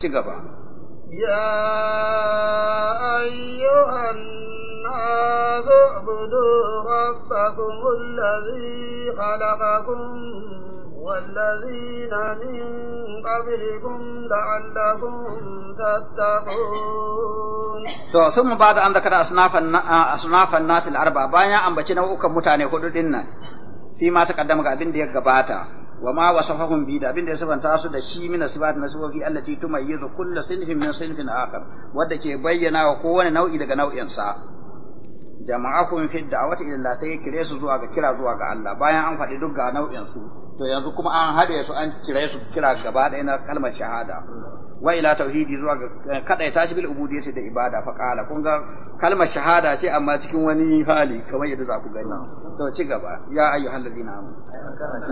ci gaba. Ya ayyuhan nasu budu rabbakum allazi khalaqakum wallazi na min qablikum la'allakum tattaqun. To sun mu ba da an zakara asnafan nasil arba bayan an bace nau'ukan mutane hudu din nan. Fi ma ta kaddama ga abin da ya gabata. wa ma wasafahum bi da abin da ya sabanta su da shi min sifat na sifofi allati tumayyizu kullu sinfin min sinfin akhar wanda ke bayyana wa kowane nau'i daga nau'in sa jama'akum fi da'wati ila sai kire su zuwa ga kira zuwa ga Allah bayan an faɗi duk ga nau'in su to yanzu kuma an haɗe su an kira su kira gaba ɗaya na kalmar shahada wa ila tauhidi zuwa ga eh, kadaita shi bil ubudiyyati da ibada fa qala kun ga kalmar shahada ce amma cikin wani hali kamar yadda za ku gani to ci gaba ya ayyuhal ladina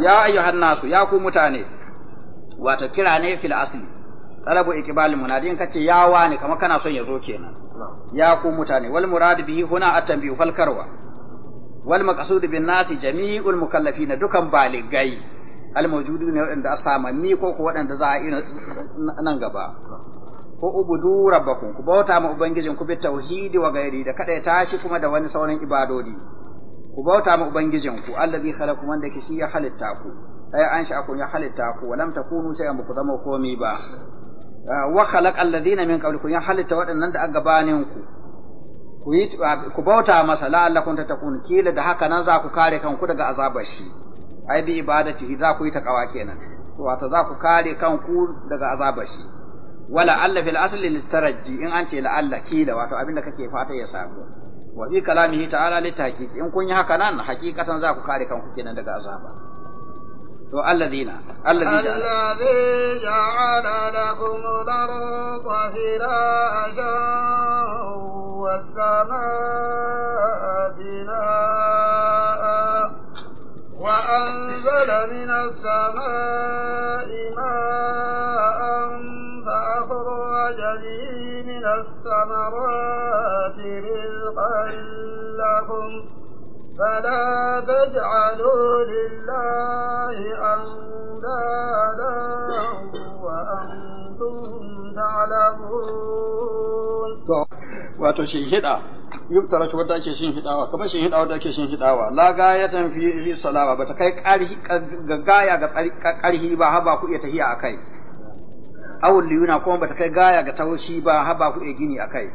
ya ayyuhan nasu ya ku mutane wato kira ne fil asli talabu iqbal munadin kace ya wani kamar kana son ya zo kenan ya ku mutane wal murad bihi huna atambi fal karwa wal maqsud bin nasi jami'ul mukallafina dukan baligai almajudu ne waɗanda a asamammi ko ko waɗanda za a yi nan gaba ko ubudu rabbakum ku bauta ma ubangijin ku bi tauhidi wa gairi da kada ya tashi kuma da wani sauran ibadodi ku bauta ma ubangijin ku allazi khalaqu wanda kishi ya halitta ku ay an sha ku ya halitta ku wa lam takunu sai ba ku zama komi ba ah, wa khalaq alladhina min qablikum ya halitta waɗannan da aka gabanin ku ku bauta masa la'allakum tatakun kila da haka nan za ku kare kanku daga azabar shi ai bi ibadatihi za ku yi takawa kenan wato za ku kare kanku daga azabar shi wala alla fil asli litaraji in an ce la alla kila wato da kake fata ya samu wa fi kalamihi ta'ala litaqiqi in kun yi haka nan hakikatan za ku kare kanku kenan daga azaba to alladina alladina ja'ala lakum al-ardha firashan was وأنزل من السماء ماء فأخرج به من الثمرات رزقا لكم فلا تجعلوا لله أندادا وأنتم تعلمون. wato yubtara da ake shin hidawa kamar shin hidawa da ake shin hidawa la gayatan fi fi salawa bata kai karhi ga gaya ga karhi ba haba ku iya tahiya akai awul liyuna kuma bata kai gaya ga taushi ba haba ku iya gini akai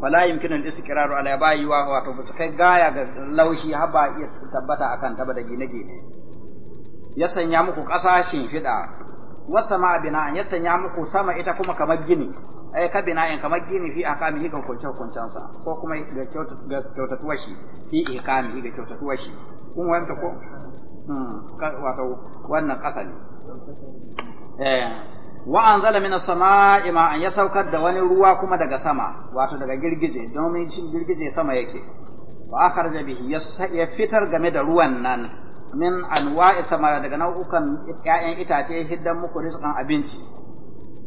fala yumkinu al istiqraru ala bayi wa wato bata kai gaya ga laushi haba iya tabbata akan ta da gine gine ya sanya muku kasashin fida wasama ma bina ya sanya muku sama ita kuma kamar gini ai eh, ka in kamar gini fi akami ga kwanciyar sa, ko kuma ga kyautatuwar shi fi ikami ga kyautatuwar shi kun wanda ko hmm, wato wannan ƙasa ne eh, wa zala min sama ima ma'an ya saukar da wani ruwa kuma daga sama wato daga girgije domin shi girgije sama yake wa akhraja bihi ya fitar game da ruwan nan min anwa'i samara daga nau'ukan 'ya'yan itace hiddan muku rizqan abinci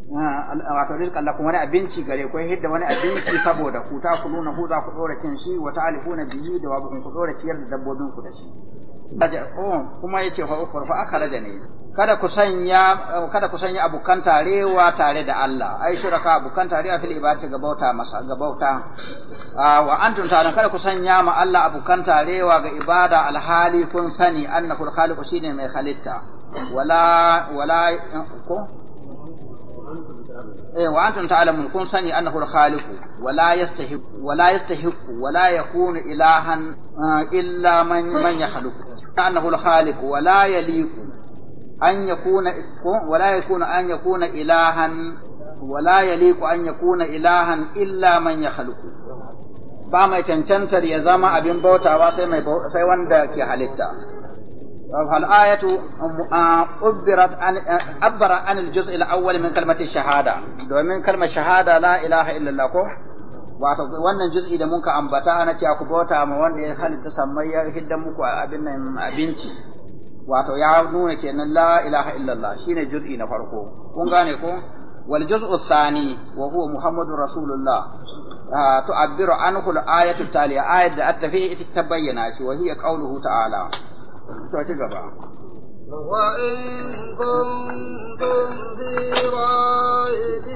wato rizqan kuma wani abinci gare ku hidda wani abinci saboda ku ta ku nuna ku za ku dora cin shi wa ta'alifuna bihi da wa ku dora ciyar da dabbobin ku da shi oh, kuma yace fa ukhra fa akhraja ne kada ku sanya kada ku sanya abukan tarewa tare da Allah ai shuraka abukan tarewa fil ibadati ga bauta masa ga bauta ah, wa antum ta'lam kada ku sanya ma Allah abukan tarewa ga ibada alhali kun sani annahu al-khaliqu shine mai halitta wala wala ko eh wa antum ta'lamun kun sani annahu al-khaliqu wa la yastahiq wa la yastahiq wa la eh, illa man man yakhluqu annahu al-khaliqu wa la yaliqu an yakuna wa la yakunu ilahan illa man yakhluqu ba mai cancantar ya zama abin bautawa sai sai wanda ke halitta فالآية أبرت عن أبر عن الجزء الأول من كلمة الشهادة من كلمة شهادة لا إله إلا الله wato wannan juz'i da muka ambata na cewa ku bauta ma wanda ya halitta sammai ya hidda muku abin nan abinci wato ya nuna kenan la ilaha illallah shine juz'i na farko kun gane ko wal juz'u thani wa huwa muhammadur rasulullah tu'abbiru anhu al-ayatu taliya ayat da attafi ita tabayyana shi wa hiya qawluhu ta'ala to وإن كنتم في ريب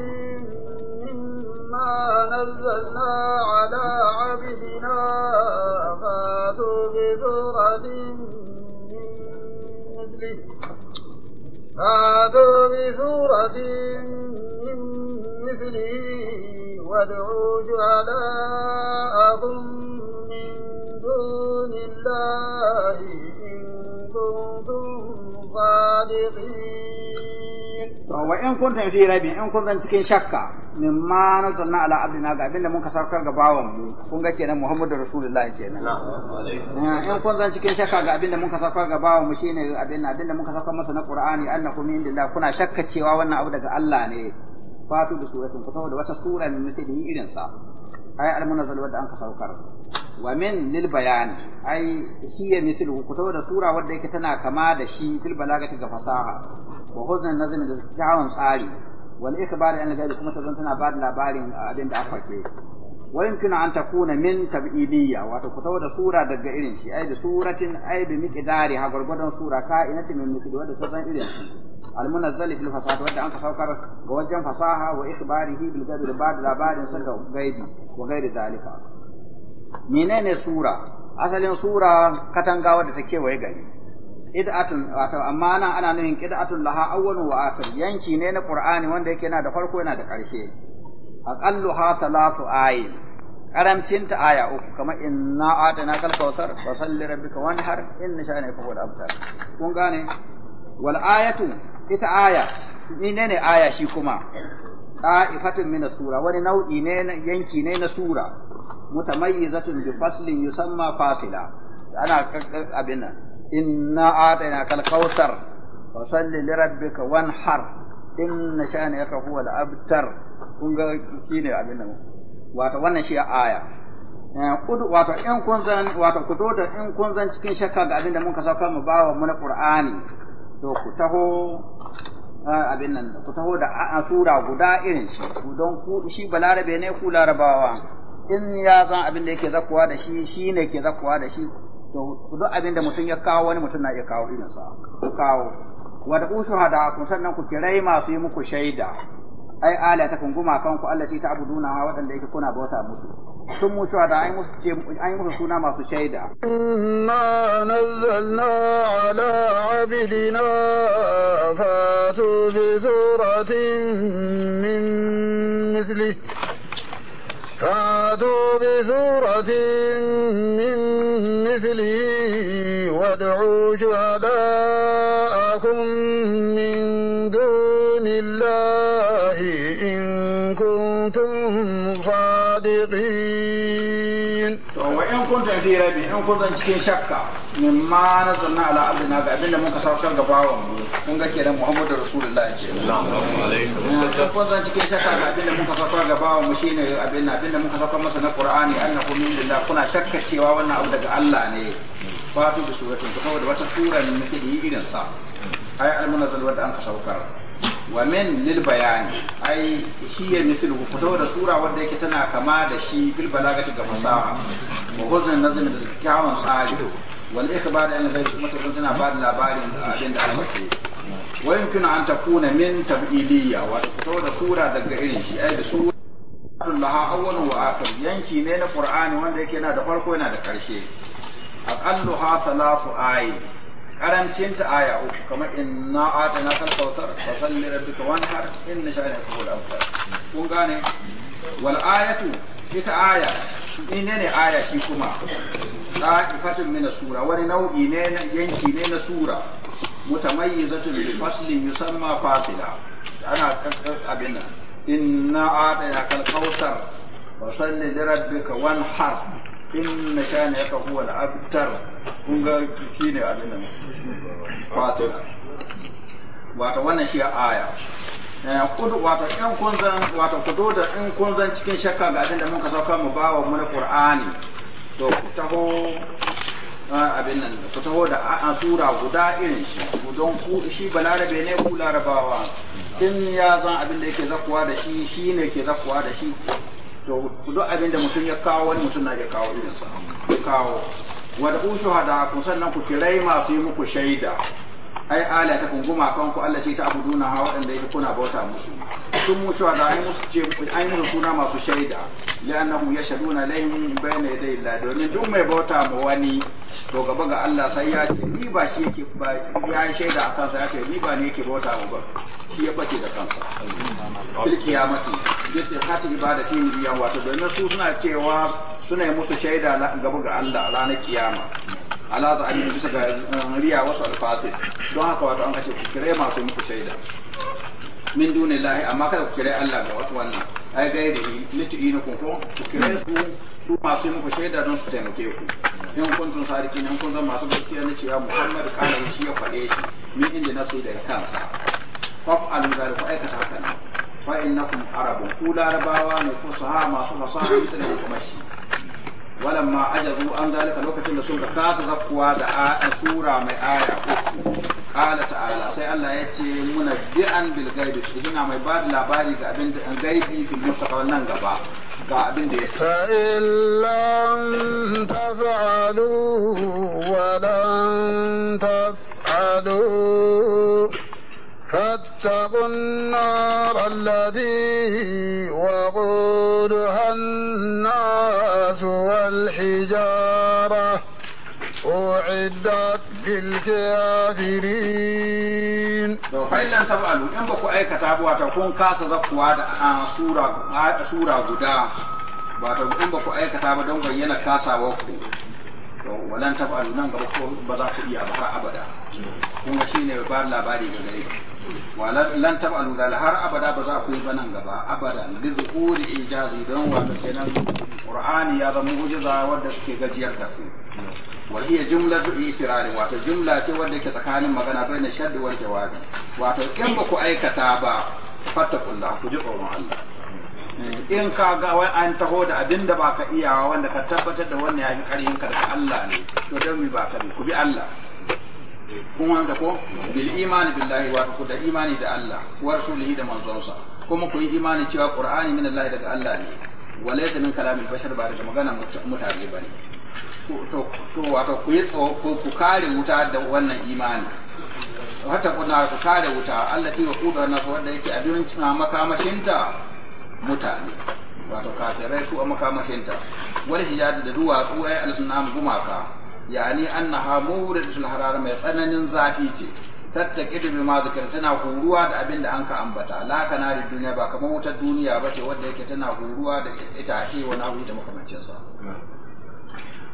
مما نزلنا على عبدنا فاتوا بسورة من مثله فاتوا بسورة من مثله وادعوا شهداءكم من دون الله to wa in kuntum fi rabi in kun zan cikin shakka min mimma nazzalna ala abdina ga abinda mun ka ga bawan mu kun ga kenan muhammadu rasulullah kenan eh, in kun zan cikin shakka ga abinda mun ka ga bawan mu shine abinda abinda mun ka masa na qur'ani annakum min indillah kuna shakka cewa wannan abu daga Allah ne fatu da suratin ku da wata sura mai mutane irin sa ai almunazzal wadda an ka saukar wa min lil bayan ai hiya mithluhu ku da sura wadda yake tana kama da shi fil balagati ga fasaha wa huznan nazmi da kyawun tsari wal ikhbar an gari kuma ta tana ba da labarin ah, abin da aka ke wa yumkinu an takuna min tab'idiyya wato ku tawo da sura daga irin shi ai da suratin ai bi miqdari ha gurgudan sura ka inatin min miqdari wanda ta san irin shi al munazzali fil fasaha wanda an kasaukar ga wajen fasaha wa ikhbarihi bil gabi da ba'd labarin saka gaibi wa gairi zalika menene sura asalin sura katanga wadda take waye gari id'atun wato amma nan ana nufin id'atun laha awwalu wa akhir yanki ne na qur'ani wanda yake yana da farko yana da ƙarshe aqalluha thalasu ayin karamcinta aya uku kamar inna atana kal kautsar fa salli rabbika wanhar inna sha'anaka huwal abtar kun gane wal ayatu ita aya menene aya shi kuma da'ifatun min sura wani nau'i ne yanki ne na sura mutamayyizatun bi faslin yusamma fasila ana abin nan inna atana kal kautsar fa salli li rabbika wanhar in na sha ne yaka huwa al'abtar kun ga shi ne abin nan wato wannan shi aya eh, wato in kun zan wato ku zo da in kun zan cikin shakka ga abin da mun ka sauka mu bawa mu na qur'ani to ku taho eh, abin nan ku taho da a sura guda irin shi don ku shi balarabe ne ku larabawa in ya zan abin da yake zakuwa da shi shi ne ke zakuwa da shi to duk abin da mutum ya kawo wani mutum na iya kawo irinsa kawo wa da ushu hada kun sannan ku kirai masu yi muku shaida ai ala ta kun guma kanku allati ta abuduna ha waɗanda yake kuna bauta musu sun mu shuhada ai musu ce ai musu suna masu shaida inna nazzalna ala abidina fatu bi suratin min mislihi فاتوا بسورة من مثله وادعوا شهداءكم من دون الله إن كنتم صادقين وإن كنتم في ريب إن كنتم في شكة mimma na zanna ala abdina ga abinda muka saukar ga bawan mu kun ga kenan Muhammadu Rasulullah ke zan cikin shakka ga abinda muka saukar ga bawan mu shine abinda muka saukar masa na Qur'ani annahu min billah kuna shakka cewa wannan abu daga Allah ne fatu suratin kuma da wata sura ne muke yi irin sa ai al-munazzal an ka saukar wa min lil bayani ai hiya fito da sura yake tana kama da shi bil balagati ga fasaha wa huzn nazmi da kyawun tsari wal ikhbar an ghayr kuma tukun tana ba da labarin a da aka ce wa yumkinu an takuna min tab'iliya wa to da sura daga irin shi ai da sura laha awwalun wa yanki ne na ƙur'ani wanda yake yana da farko yana da karshe aqalluha thalasu ayi karancin ta aya uku kamar kun gane ita aya ne aya shi kuma ta'ifatun mina sura wani nau'i ne yanki ne na sura mutamayyizatun bi faslin yusamma fasila ana abin nan inna a'tayna kal kautsar fa salli li rabbika wanhar inna shaniyaka huwa al-abtar kun ga shine abin nan fasila wato wannan shi aya Eh, kudu wato in kun zan wato kudu da in kun zan cikin shakka ga abin da muka sauka mu ba wa mun qur'ani to ku taho eh, abin nan ku taho da a sura guda irin shi don ku shi balarabe ne ku larabawa in ya zan abin da yake zakuwa da shi shi ne ke zakuwa da shi to duk abin da mutum ya kawo wani mutum na ya kawo irin sa kawo wa da ushu hada ku sannan ku kirai masu yi muku shaida ai ala ta kunguma kan ku Allah ce ta abuduna ha waɗanda yake kuna bauta musu sun mu da ai musu ce ai musu suna masu shaida li'annahum yashaduna lahum bayna yaday Allah domin duk mai bauta ma wani to gaba ga Allah sai ya ce ni ba shi yake ba ya shaida akan sa ya ce ni ba ne yake bauta mu ba shi ya bace da kansa bil qiyamati bi sihhati ibadati biyan wato domin su suna cewa suna yi musu shaida gaba ga Allah ranar kiyama ala yi bisa ga eh, riya wasu alfasir don haka wato an kace ku kire masu muku shaida min duni lahi amma kada ku kire Allah ga wato wannan ai gai da litu'inu kun ko ku kire su su masu muku shaida don su taimake ku in tun sariki in kun zama masu gaskiya ne cewa Muhammad kana shi ya faɗe shi min inda na nasu da kansa fa'alu ku aikata haka nan fa innakum arabu ku larabawa ne ku saha masu fasaha mutane kuma shi walamma ajabu an zalika lokacin da sun kasa zakkuwa da sura mai aya قال تعالى سي الله يتي منبئا بالغيب هنا ما لا لباري كابين الغيب في المستقبل ننقبع نعم فإن لم تفعلوا ولن تفعلوا فاتقوا النار الذي وقودها الناس والحجاره أعدت للكافرين فإن لم تفعلوا إن بكو أي كتاب واتكون كاس زكوا سورة سورة غدا واتكون إن بكو أي كتاب دون بينا كاسا وكو walan taba alunan gaba ko ba za ku iya ba har abada kuma shi ne ba labari ga gare walan taba alunan har abada ba za ku yi ba nan gaba abada da zuhuri ijazi don wata kenan qur'ani ya zama mu'jiza wadda ke gajiyar da ku wa hiya jumlatu itirari wato jumla ce wanda yake tsakanin magana bai na shaddi wal jawabi wato in ba ku aikata ba fatakulla ku ji tsoron Allah eh, in ka ga wai an taho da abin da baka iyawa wanda ka tabbatar da wannan yafi karhin ka daga Allah ne to dan mi ba kare ku bi Allah kun wanda ko bil imani billahi wa ku da imani da Allah wa rasulihi da manzonsa kuma ku yi imani cewa qur'ani min Allah daga Allah ne walaysa min kalamil bashar ba daga magana mutane ne. to wato ku yi ko ku kare wuta da wannan imani wata kuna ku kare wuta Allah ya wa kuda na wanda yake abin makamashinta mutane wato kafirai su a makamashinta wani hijabi da duwatsu ai alsunam gumaka yani annaha mawridatul harara mai tsananin zafi ce tattake da ma ma zikir tana huruwa da abin da an ka ambata la kana da duniya ba kamar wutar duniya ba ce wanda yake tana huruwa da itace wani abu da makamancinsa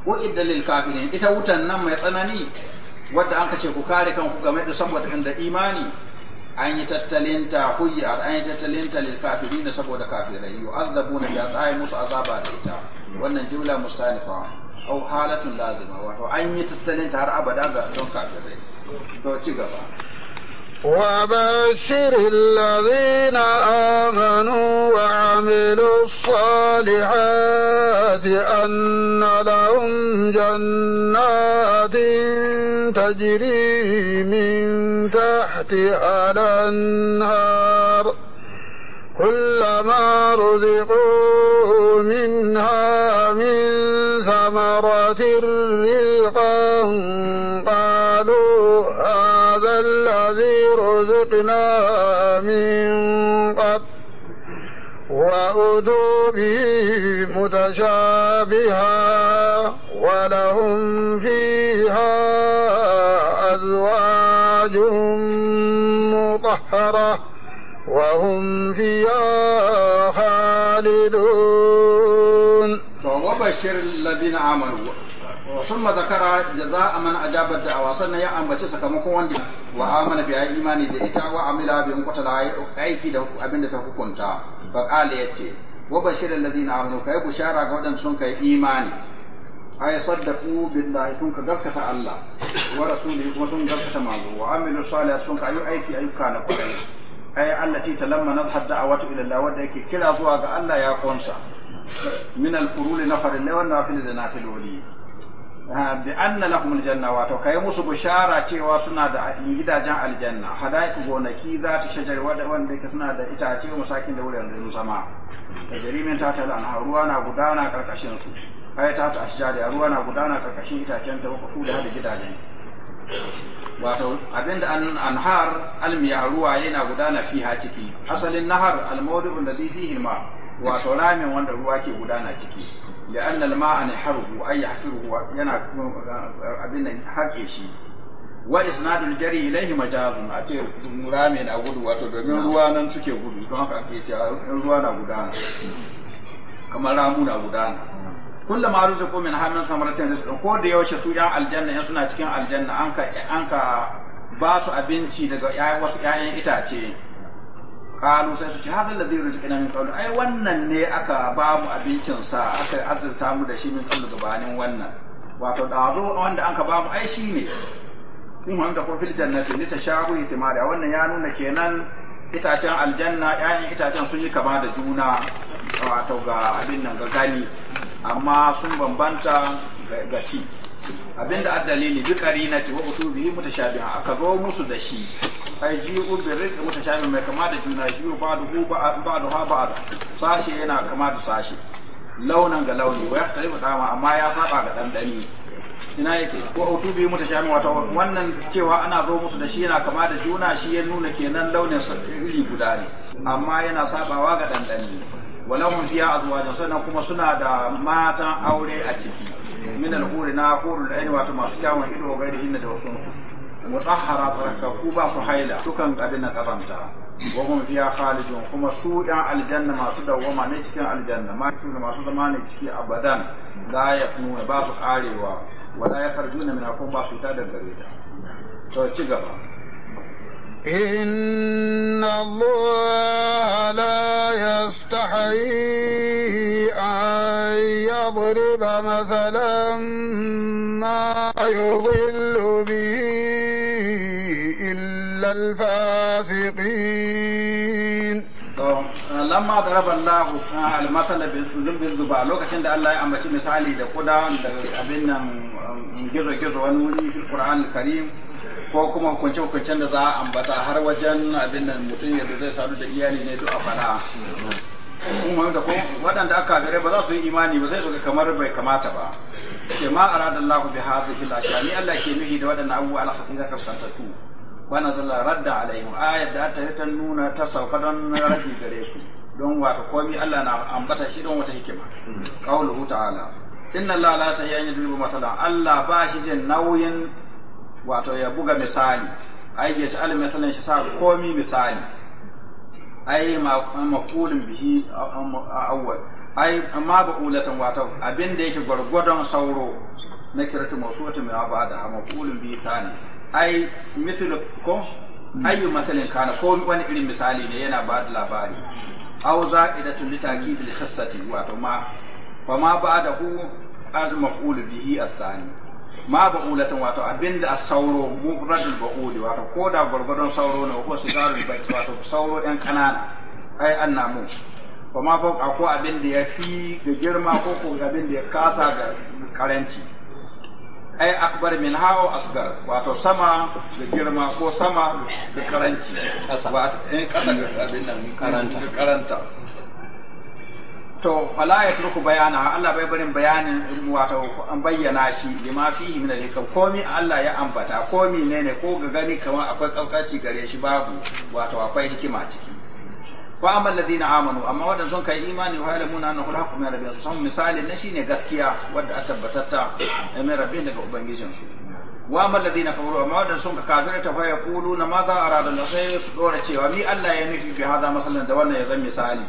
u'idda lil kafirin ita wutan nan mai tsanani wadda an kace ku kare kanku game da saboda inda imani an yi tattalin ta huyya an yi tattalin ta lil kafirin saboda kafirai yu'azzabuna ya tsaye musu azaba da ita wannan jumla mustanifa au halatun lazima wato an yi tattalin ta har abada ga don kafirai to ci gaba وبشر الذين آمنوا وعملوا الصالحات أن لهم جنات تجري من تحتها الأنهار كلما رزقوا منها من ثمرة رزقا قالوا آه الذي رزقنا من قبل وأتوا به متشابها ولهم فيها أزواج مطهرة وهم فيها خالدون وبشر الذين آمنوا ثم ذكر جزاء من أجاب الدعوة سنة يا أم بتشي سكمكم وندي وآمن بها إيماني دي إتا وعمل بهم قتل أيكي ده أبن تحكمتا فقال يتي وبشر الذين آمنوا كي بشارة قدم سنك إيماني أي صدقوا بالله سنك دفكة الله ورسوله وسنك دفكة معه وعملوا الصالح سنك أي أيكي أي كان قدم أي التي تلما نضح الدعوة إلى الله ودك كلا زواج الله يا قنصة من الفرول نفر الله والنافل نافل وليه bi anna lahum aljanna wato kai musu bishara cewa suna da gidajen aljanna hadaiku gonaki za ta shajar wanda suna da itace masakin da wurin zama tajrimin ta tala na ruwa na gudana karkashin su kai ta ta ashjari ruwa na gudana karkashin itacen ta ku da da gidajen wato abinda an anhar almiya ruwa yana gudana fi ha ciki asalin nahar almawdu alladhi fihi ma wato ramin wanda ruwa ke gudana ciki da an nalma a harhu a yi harhu yana abin nan haƙe shi wa isnadul jari ilaihi majazun a ce mura mai na gudu wato domin ruwa nan suke gudu don haka ake cewa ruwa na gudana kamar ramu na gudana kullum a rusu ko min hamin samaritan rusu ko da yaushe su yan aljanna yan suna cikin aljanna an ka ba abinci daga wasu 'ya'yan itace kalu sai su ce hada zai rujqina min kalu ai wannan ne aka ba mu abincin sa aka azurta mu da shi min kalu gabanin wannan wato zo wanda anka ba mu ai ne kun wanda ko fil jannati ni shahu itimari wannan ya nuna kenan itacen aljanna ƴaƴan itacen sun yi kama da juna wato ga abin nan ga gani amma sun bambanta ga ci abinda dalili bi biyu wa utubihi a aka zo musu da shi ai ji'u bi rizqi mutashabiha mai kama da juna shi ba'du ba'du ha ba'du sashi yana kama da sashi launan ga launi wa yahtalifu dama amma ya saba ga dandani ina yake ko utubi mutashabiha wato wannan cewa ana zo musu da shi yana kama da juna shi ya nuna kenan launin sa iri guda ne amma yana sabawa ga dandani walahum fiya azwajun sannan kuma suna da matan aure a ciki min al masu kyawun ido gairi inda da wasu mutahhara tarakkaku ba haila sukan abin kazanta wa hum fiha kuma su yan aljanna dawwama cikin aljanna ma masu zama ne ciki abadan la yaqnu ba karewa wa la yakhrujuna min akum ba su ta ci gaba إن الله لا يستحي أن يضرب مثلا ما يضل به إلا الفاسقين lamma daraba Allah al-masal bin zuba lokacin da Allah ya ambaci misali da kuda da abin nan gizo wani ko kuma hukunce hukuncen da za a ambata har wajen abin da mutum yadda zai sadu da iyali ne duk a fara kuma da ko waɗanda aka gare ba za su yi imani ba sai su ga kamar bai kamata ba ke ma arada Allah bi hadhihi al-ashani Allah ke nuhi da waɗannan abubuwa al-hasisa tu. wa nazala radda alaihim ayat da ta ta nuna ta sauka don rabi gare su don wato komai Allah na ambata shi don wata hikima qauluhu ta'ala inna Allah la sayyidu matala Allah ba shi jin nauyin wato ya buga misali ai ya sa'al misalan shi sa komi misali ai maqulun bihi awwal ai amma baqulatan wato abin da yake gwargwadon sauro na kiratu mawsuwatin ma abada ha maqulun bihi tani ai mithlu ko hmm. ayyu masalin kana ko wani irin misali ne yana ba da labari aw za'idatun li ta'kid al-khassati wato ma fa ma ba'dahu al-maqul bihi athani ma ba ulatan wato abinda sauro ba ba'uli wato ko da gwargwadon sauro ne ko sigarul ba wato sauro ɗan kanana ai annamu ba ma fa ko abinda ya fi ga girma ko ko abinda ya kasa ga karanci ai akbar min hawo asgar wato sama da girma ko sama da karanci wato in eh, kasa ga abin nan karanta to fala ya turku bayana Allah bai barin bayanin wato an bayyana shi lima fihi min al komi Allah ya ambata komi ne ne ko ga gani kamar akwai kaukaci gare shi babu wato akwai hikima ciki wa amma alladhina amanu amma wadanda sun kai imani wa yalamuna annahu al-haqqu min rabbihim sun misali na shine gaskiya wadda a tabbatatta min rabbihim daga ubangijin su wa amma alladhina kafaru amma wadanda sun ka kafirta fa yaquluna za arada Allah sai su dora cewa ni Allah ya nufi bi hada masalan da wannan ya zan misali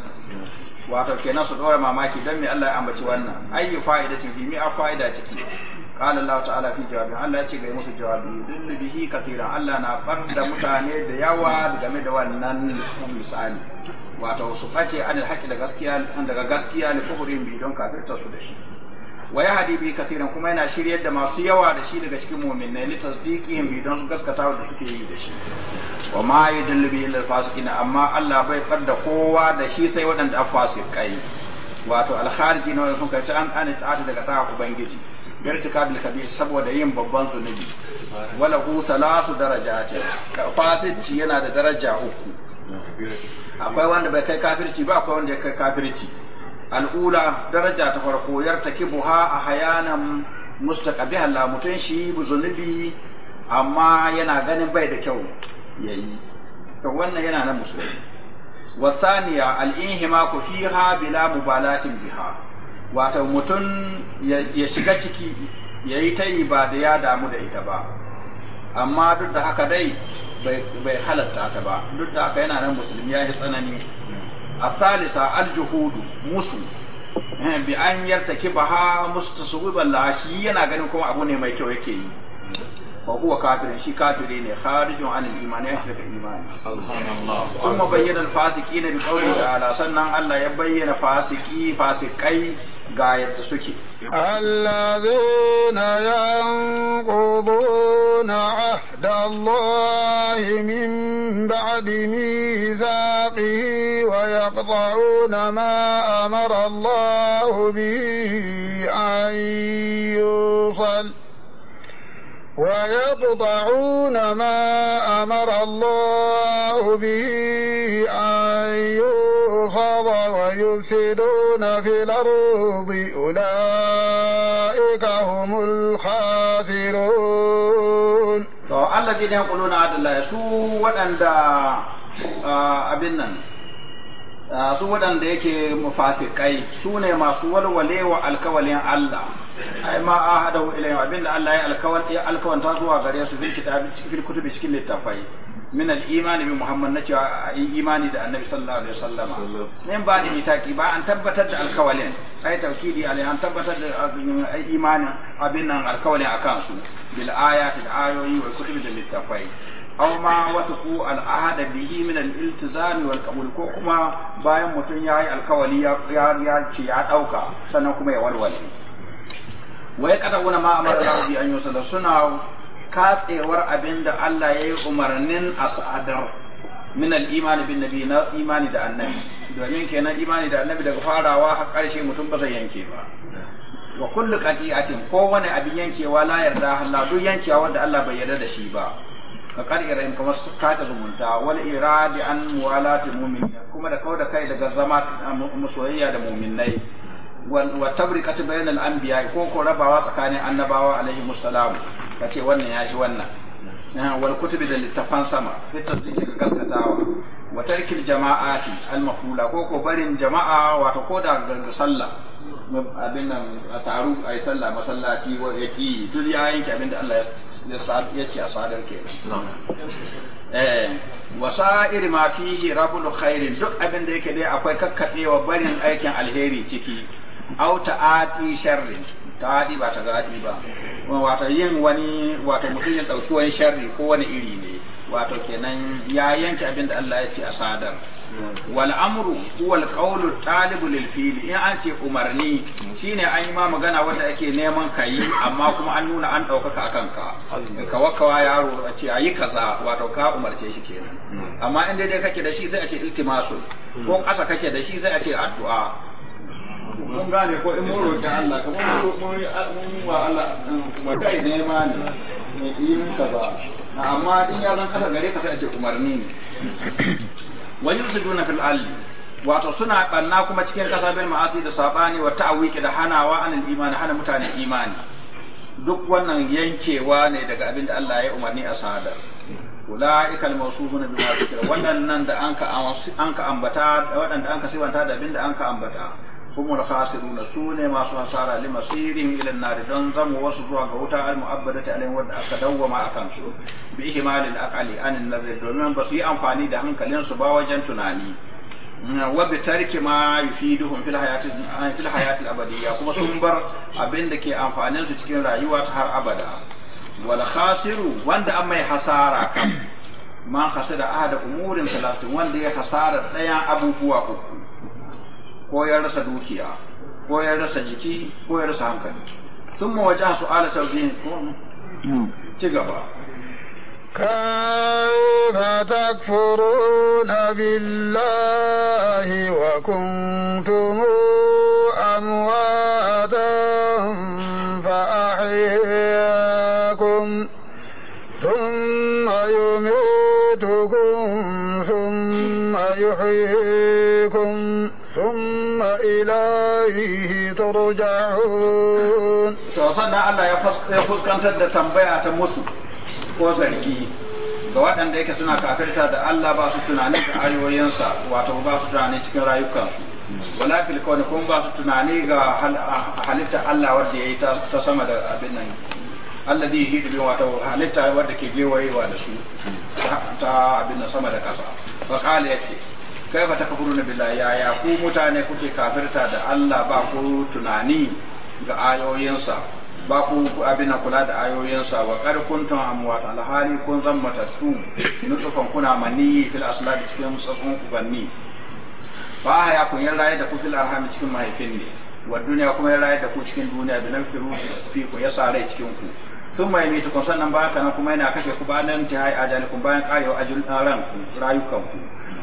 wato kenan su dora mamaki don me Allah ya ambaci wannan ayi fa'ida fa'idatin fi mi'a fa'ida ciki qala Allah ta'ala fi jawabi Allah ya ce ga musu jawabi dullu bihi kathira Allah na farda mutane da yawa game da wannan misali wato su face anil haqqi da gaskiya daga gaskiya ne kuhurin bi don kafirta su da shi wa yahdi bi kuma yana shiryar da masu yawa da shi daga cikin mu'minai li tasdiqihim bi don su da suke yi da shi wa ma yadullu bi illa fasiqina amma Allah bai farda kowa da shi sai waɗanda afasikai wato alkhariji na sun kai an an ta'ata daga ta ubangiji bi kabir saboda yin babban zunubi wala hu thalasu darajati fasici yana da daraja uku akwai wanda bai kai kafirci ba akwai wanda ya kai kafirci al'ula daraja ta farko buha a hayanan mustaqabiha la mutun shi zunubi amma yana ganin bai da kyau yi. to wannan yana na musulmi wa thaniya al-inhima ku bila mubalatin biha wato mutum ya shiga ciki yayi ta yi ba da ya damu da ita ba amma duk da haka dai bai halatta ta ba duk da haka yana nan musulmi ya yi tsanani الثالثة الجهود مسو bi an yartaki baha mustasuban la shi yana ganin kuma abu ne mai kyau yake yi fa huwa kafirin shi kafiri ne kharijun anil iman ya shiga imani kuma bayyana fasiki na bi qawli ta'ala sannan Allah ya bayyana fasiki fasikai ga yadda suke alladhina yanquduna ahdallahi min ba'di mithaqihi يقطعون ما أمر الله به أن يوصل ويقطعون ما أمر الله به أن يوصل ويفسدون في الأرض أولئك هم الخاسرون الذين يقولون عدل الله يسوء waɗanda أبنا ah, Ah, su waɗanda yake mufasikai su ne masu walwale wa alkawalin Allah ai ma ahadahu ilayhi abinda Allah ya alkawal ya alkawanta zuwa gare su bin kitabi cikin kutubi cikin littafai min al imani bi muhammad nace cewa imani da annabi sallallahu alaihi wasallama min ba da mitaki ba an tabbatar da alkawalin ai tawkidi alai an tabbatar da imani abin nan alkawalin akan su bil ayati da ayoyi wa kutubi da littafai aw ma wasaku ku ahada bihi min al'iltizami wal qabul ko kuma bayan mutum yayi alkawali ya ya ce ya dauka sannan kuma ya walwale wai kada una ma amara da bi an da suna katsewar abinda Allah yayi umarnin asadar min al'imani bin nabi na imani da annabi domin kenan imani da annabi daga farawa har karshe mutum ba zai yanke ba wa kullu qati'atin ko wani abin yankewa la yarda Allah duk yankewa wanda Allah bai yarda da shi ba ka qar'irahim kamar su kace zumunta wani iradi an muwalatil mu'minin kuma da kauda kai daga zama soyayya da mu'minai wa tabrikati bainal anbiya ko ko rabawa tsakanin annabawa alaihi musallam kace wannan yashi wannan wal kutubi da littafan sama fitar da gaskatawa wa tarkil jama'ati al-mafula ko ko barin jama'a wato ko da ga sallah abin nan a taru a yi sallah masallaci wa ya ki duk ya yanke abin da Allah ya ce a sadar ke eh wa sa'ir ma fihi rabul khairin duk abin da yake dai akwai kakkadewa barin aikin alheri ciki au ta'ati sharrin ta'ati ba ta gadi ba wato yin wani wato mutum ya dauki wani sharri ko wani iri ne wato kenan ya yanke abin da Allah ya ce a sadar wal amru huwa al qawlu talibu lil fi'l in an ce umarni shine an yi ma magana wanda ake neman kayi amma kuma an nuna an daukaka akan ka ka wakawa yaro a ce ayi kaza wato ka umarce shi kenan amma in dai kake da shi sai a ce iltimasu ko kasa kake da shi sai a ce addu'a mun gane ko in mun roƙi Allah ka mun wa Allah mun kai nema ne in kaza amma in ya zan kasa gare ka sai a ce umarni ne wajen su fil alli wato suna banna kuma cikin kasa bil ma'asi da sabani wa ta'wiki da hanawa anil imani hana mutane imani duk wannan yankewa ne daga abin da Allah ya umarni a sadar ulaika mawsuuna bi zikra wannan nan da anka anka ambata waɗanda anka siwanta da abin da anka ambata humul khasirun sune masu hasara li masirihim ila an-nar dan zamu wasu zuwa ga wuta al ta alayhi wadda aka dawwama akan su bi ihmalil aqali an nazar domin ba su yi amfani da hankalin su ba wajen tunani wa bi tarki ma yufiduhum fil hayati fil hayati abadiyya kuma sun bar abin da ke amfanin su cikin rayuwa ta har abada wal khasiru wanda an mai hasara kam man khasira ahada umurin talatin wanda ya hasara ɗayan abubuwa uku ko ya rasa dukiya ko ya rasa jiki ko ya rasa hankali sun mu waje su ala tauhidi ko hmm. ci gaba كيف تكفرون بالله وكنتم أمواتا فأحياكم ثم يميتكم ثم يحييكم وإليه ترجعون to sannan Allah ya fuskantar da tambaya ta musu ko zargi ga waɗanda yake suna kafirta da Allah ba su tunani da ayoyinsa wato ba su tunani cikin rayukansu wala fil kawni kun ba su tunani ga halitta Allah wanda yayi ta sama da abin nan Allah alladhi yi bi wato halitta wanda ke gewayewa da su ta abin nan sama da kasa fa qala yace kai fa na na ya ya ku mutane kuke kafirta da Allah ba ku tunani ga ayoyinsa ba ku abin kula da ayoyinsa wa qad kuntum amwat alhali kun zan matattu nutufan kuna maniyyi fil aslab cikin tsakon ku banni Ba ya kun raye da ku fil arham cikin mahaifin ne wa duniya kuma raye da ku cikin duniya bi nan firu fi ku yasa rai cikin ku sun mai mai kun sannan ba haka nan kuma yana kashe ku bayan a janikun bayan karewa ajul rayukan rayukanku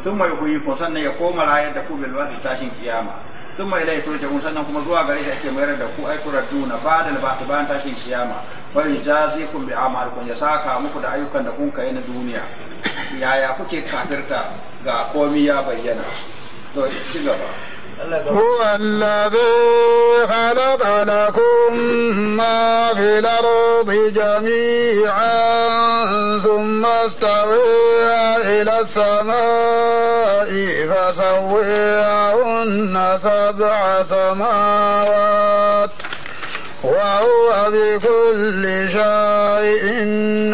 sun mai huyi kun sannan ya koma rayar da ku bil wadi tashin kiyama sun mai laifin ta kun sannan kuma zuwa gare shi ake mayar da ku ai duna ba da ba bayan tashin kiyama wa kun bi kun ya saka muku da ayyukan da kun kai na duniya yaya kuke kafirta ga komi ya bayyana to ci gaba هو الذي خلق لكم ما في الأرض جميعا ثم استوى إلى السماء فسويهن سبع سماوات وهو بكل شيء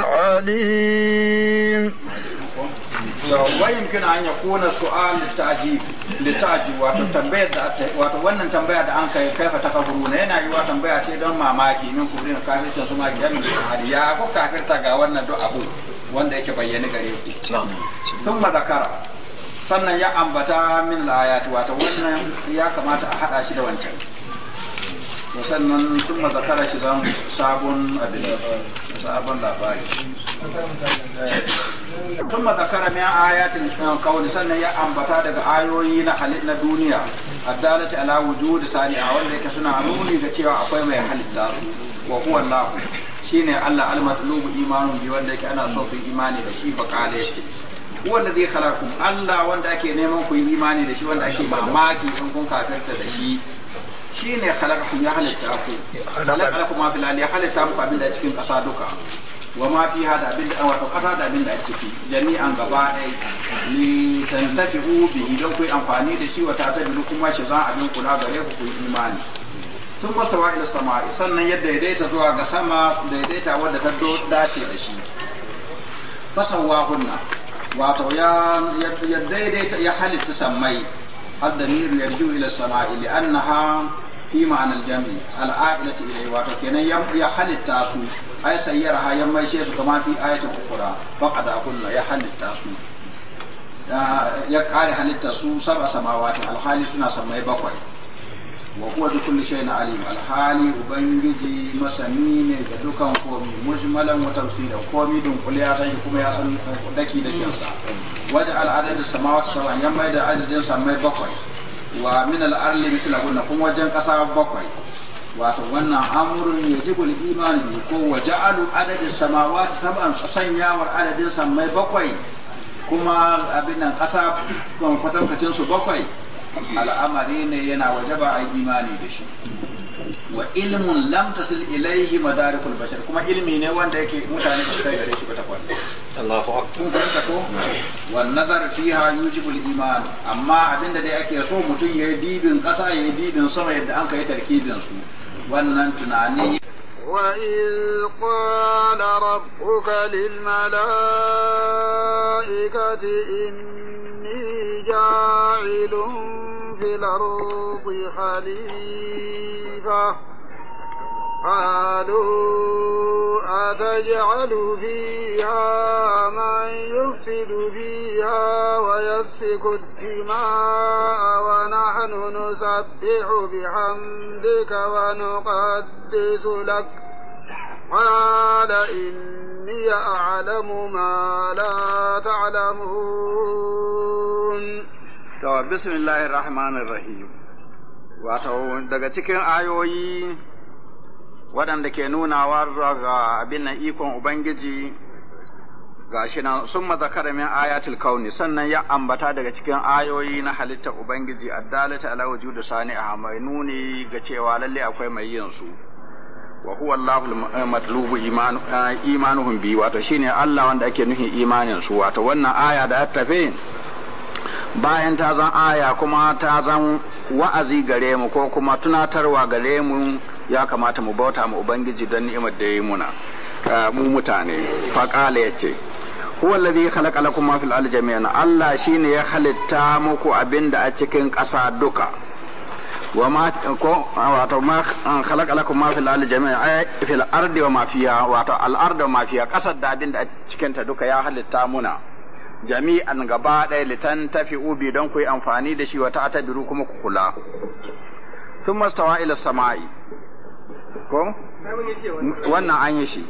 عليم ويمكن أن يكون السؤال للتعجيب للتعجيب وتتنبيه wato wannan tambaya da an kai kaifa takabburuna yana yi wa tambaya ce don mamaki min kubrin kafircin su maki yamin hadi ya ko kafirta ga wannan duk abu wanda yake bayyane gare ku sun mazakara sannan ya ambata min ayati wato wannan ya kamata a hada shi da wancan sannan sun mazakara shi zamu sabon abin sabon labari sun mazakara min ayatin kawai sannan ya ambata daga ayoyi na halin na duniya addalati ala wujudi sani'a wanda yake suna nuni ga cewa akwai mai halitta su wa huwa Allah shine Allah al-matlubu imanun bi wanda yake ana son su imani da shi fa qala yace huwa alladhi khalaqakum Allah wanda ake neman ku yi imani da shi wanda ake mamaki sun kun kafirta da shi shi ne khalaqakum ya halitta ku khalaqakum ma fil ya halitta abin da cikin kasa duka wa ma fi hada kasa da abin da ciki jami'an gaba ɗaya ni bi idan ku amfani da shi wa ta kuma shi za kula gare ku ku imani sun masa ila sama'i sannan ya daidaita zuwa ga sama daidaita wadda ta dace da shi fasawa wato ya ya daidaita ya halitta sammai hadda niru yarju ila sama'i li'annaha fi ma'anar jami'i al'a'ila ta ilayi wato kenan ya halitta su ai sayyar ha ya maishe su kama fi ayatin ukura a kullu ya halitta su ya kare halitta su sab'a samawati alhali suna samai bakwai wa huwa bi kulli shay'in alim alhali ubangiji masani ne ga dukan komi mujmalan wa tafsira komi dun kulli ya san kuma ya san daki da kinsa waje al adad samawati sawan ya mai da adadin samai bakwai wa min al-arli kunna kuma wajen kasa bakwai wato wannan amurin ya ji iman bi ko wa ja'alu adadin samawati sab'an sanyawar adadin sammai bakwai kuma abin nan kasa kwatankwacin su bakwai al'amari ne yana wajaba a imani da shi wa ilmin lam tasil ilaihi madarikul bashar kuma ilmi ne wanda yake mutane ba su kai gare shi ba ta kwallo Allahu akbar wa nazar fiha yujibu iman amma abinda dai ake so mutum yayi dibin kasa yayi dibin sama yadda an kai tarkibin su wannan tunani وإذ قال ربك للملائكة إني جاعل في الأرض خليفة قالوا أتجعل فيها من يفسد فيها ويسفك الدماء ونحن نسبح بحمدك ونقدس لك قال إني أعلم ما لا تعلمون بسم الله الرحمن الرحيم واتو daga cikin ayoyi waɗanda ke nunawa ga abin nan ikon Ubangiji ga shi nan sun mazakara min ayatul kauni sannan ya ambata daga cikin ayoyi na halittar Ubangiji addalata ala judu sani a mai nuni ga cewa lalle akwai mai yin su wa huwa Allahu eh, matlubu eh, imanuhum bi wato shine Allah wanda ake nufin imanin su wannan aya da ta tafe bayan ta zan aya kuma ta zan wa'azi gare mu ko kuma tunatarwa gare mu ya kamata mu bauta mu ubangiji don ni'imar da ya yi muna mu mutane faƙala ya ce huwa alladhi khalaqa lakum ma fil ardi jami'an Allah shine ya halitta muku abinda a cikin ƙasa duka wa ma ko wato ma khalaqa lakum ma fil al jami'an fil ardi wa ma fiha wato al ardi wa ma fiha kasar da abinda a cikin ta duka ya halitta muna jami'an gaba ɗaya litan tafi ubi don ku yi amfani da shi wata atabiru kuma ku kula sun mastawa ila sama'i ko wannan an yi shi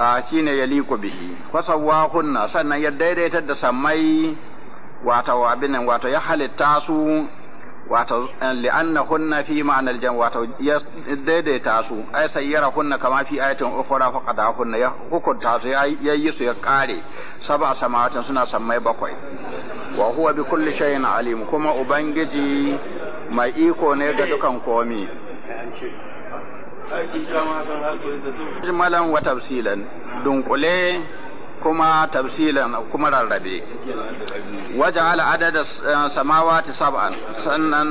ah, shi ne ya liko bihi kwasawa hunna sannan ya daidaitar da sammai wato abinan wato ya halitta su wato eh, li'annahunna fi ma'anar jam wato ya daidaita su ai sayyarahunna kama fi ayatin ukhra fa qadahunna ya hukunta su ya yi su ya kare saba samawatin suna sammai bakwai wa huwa bi kulli shay'in alim kuma ubangiji mai iko ne ga dukan komi malam wa tafsilan dunkule kuma tafsilan kuma rarrabe waja'ala adada eh, samawati sab'an sannan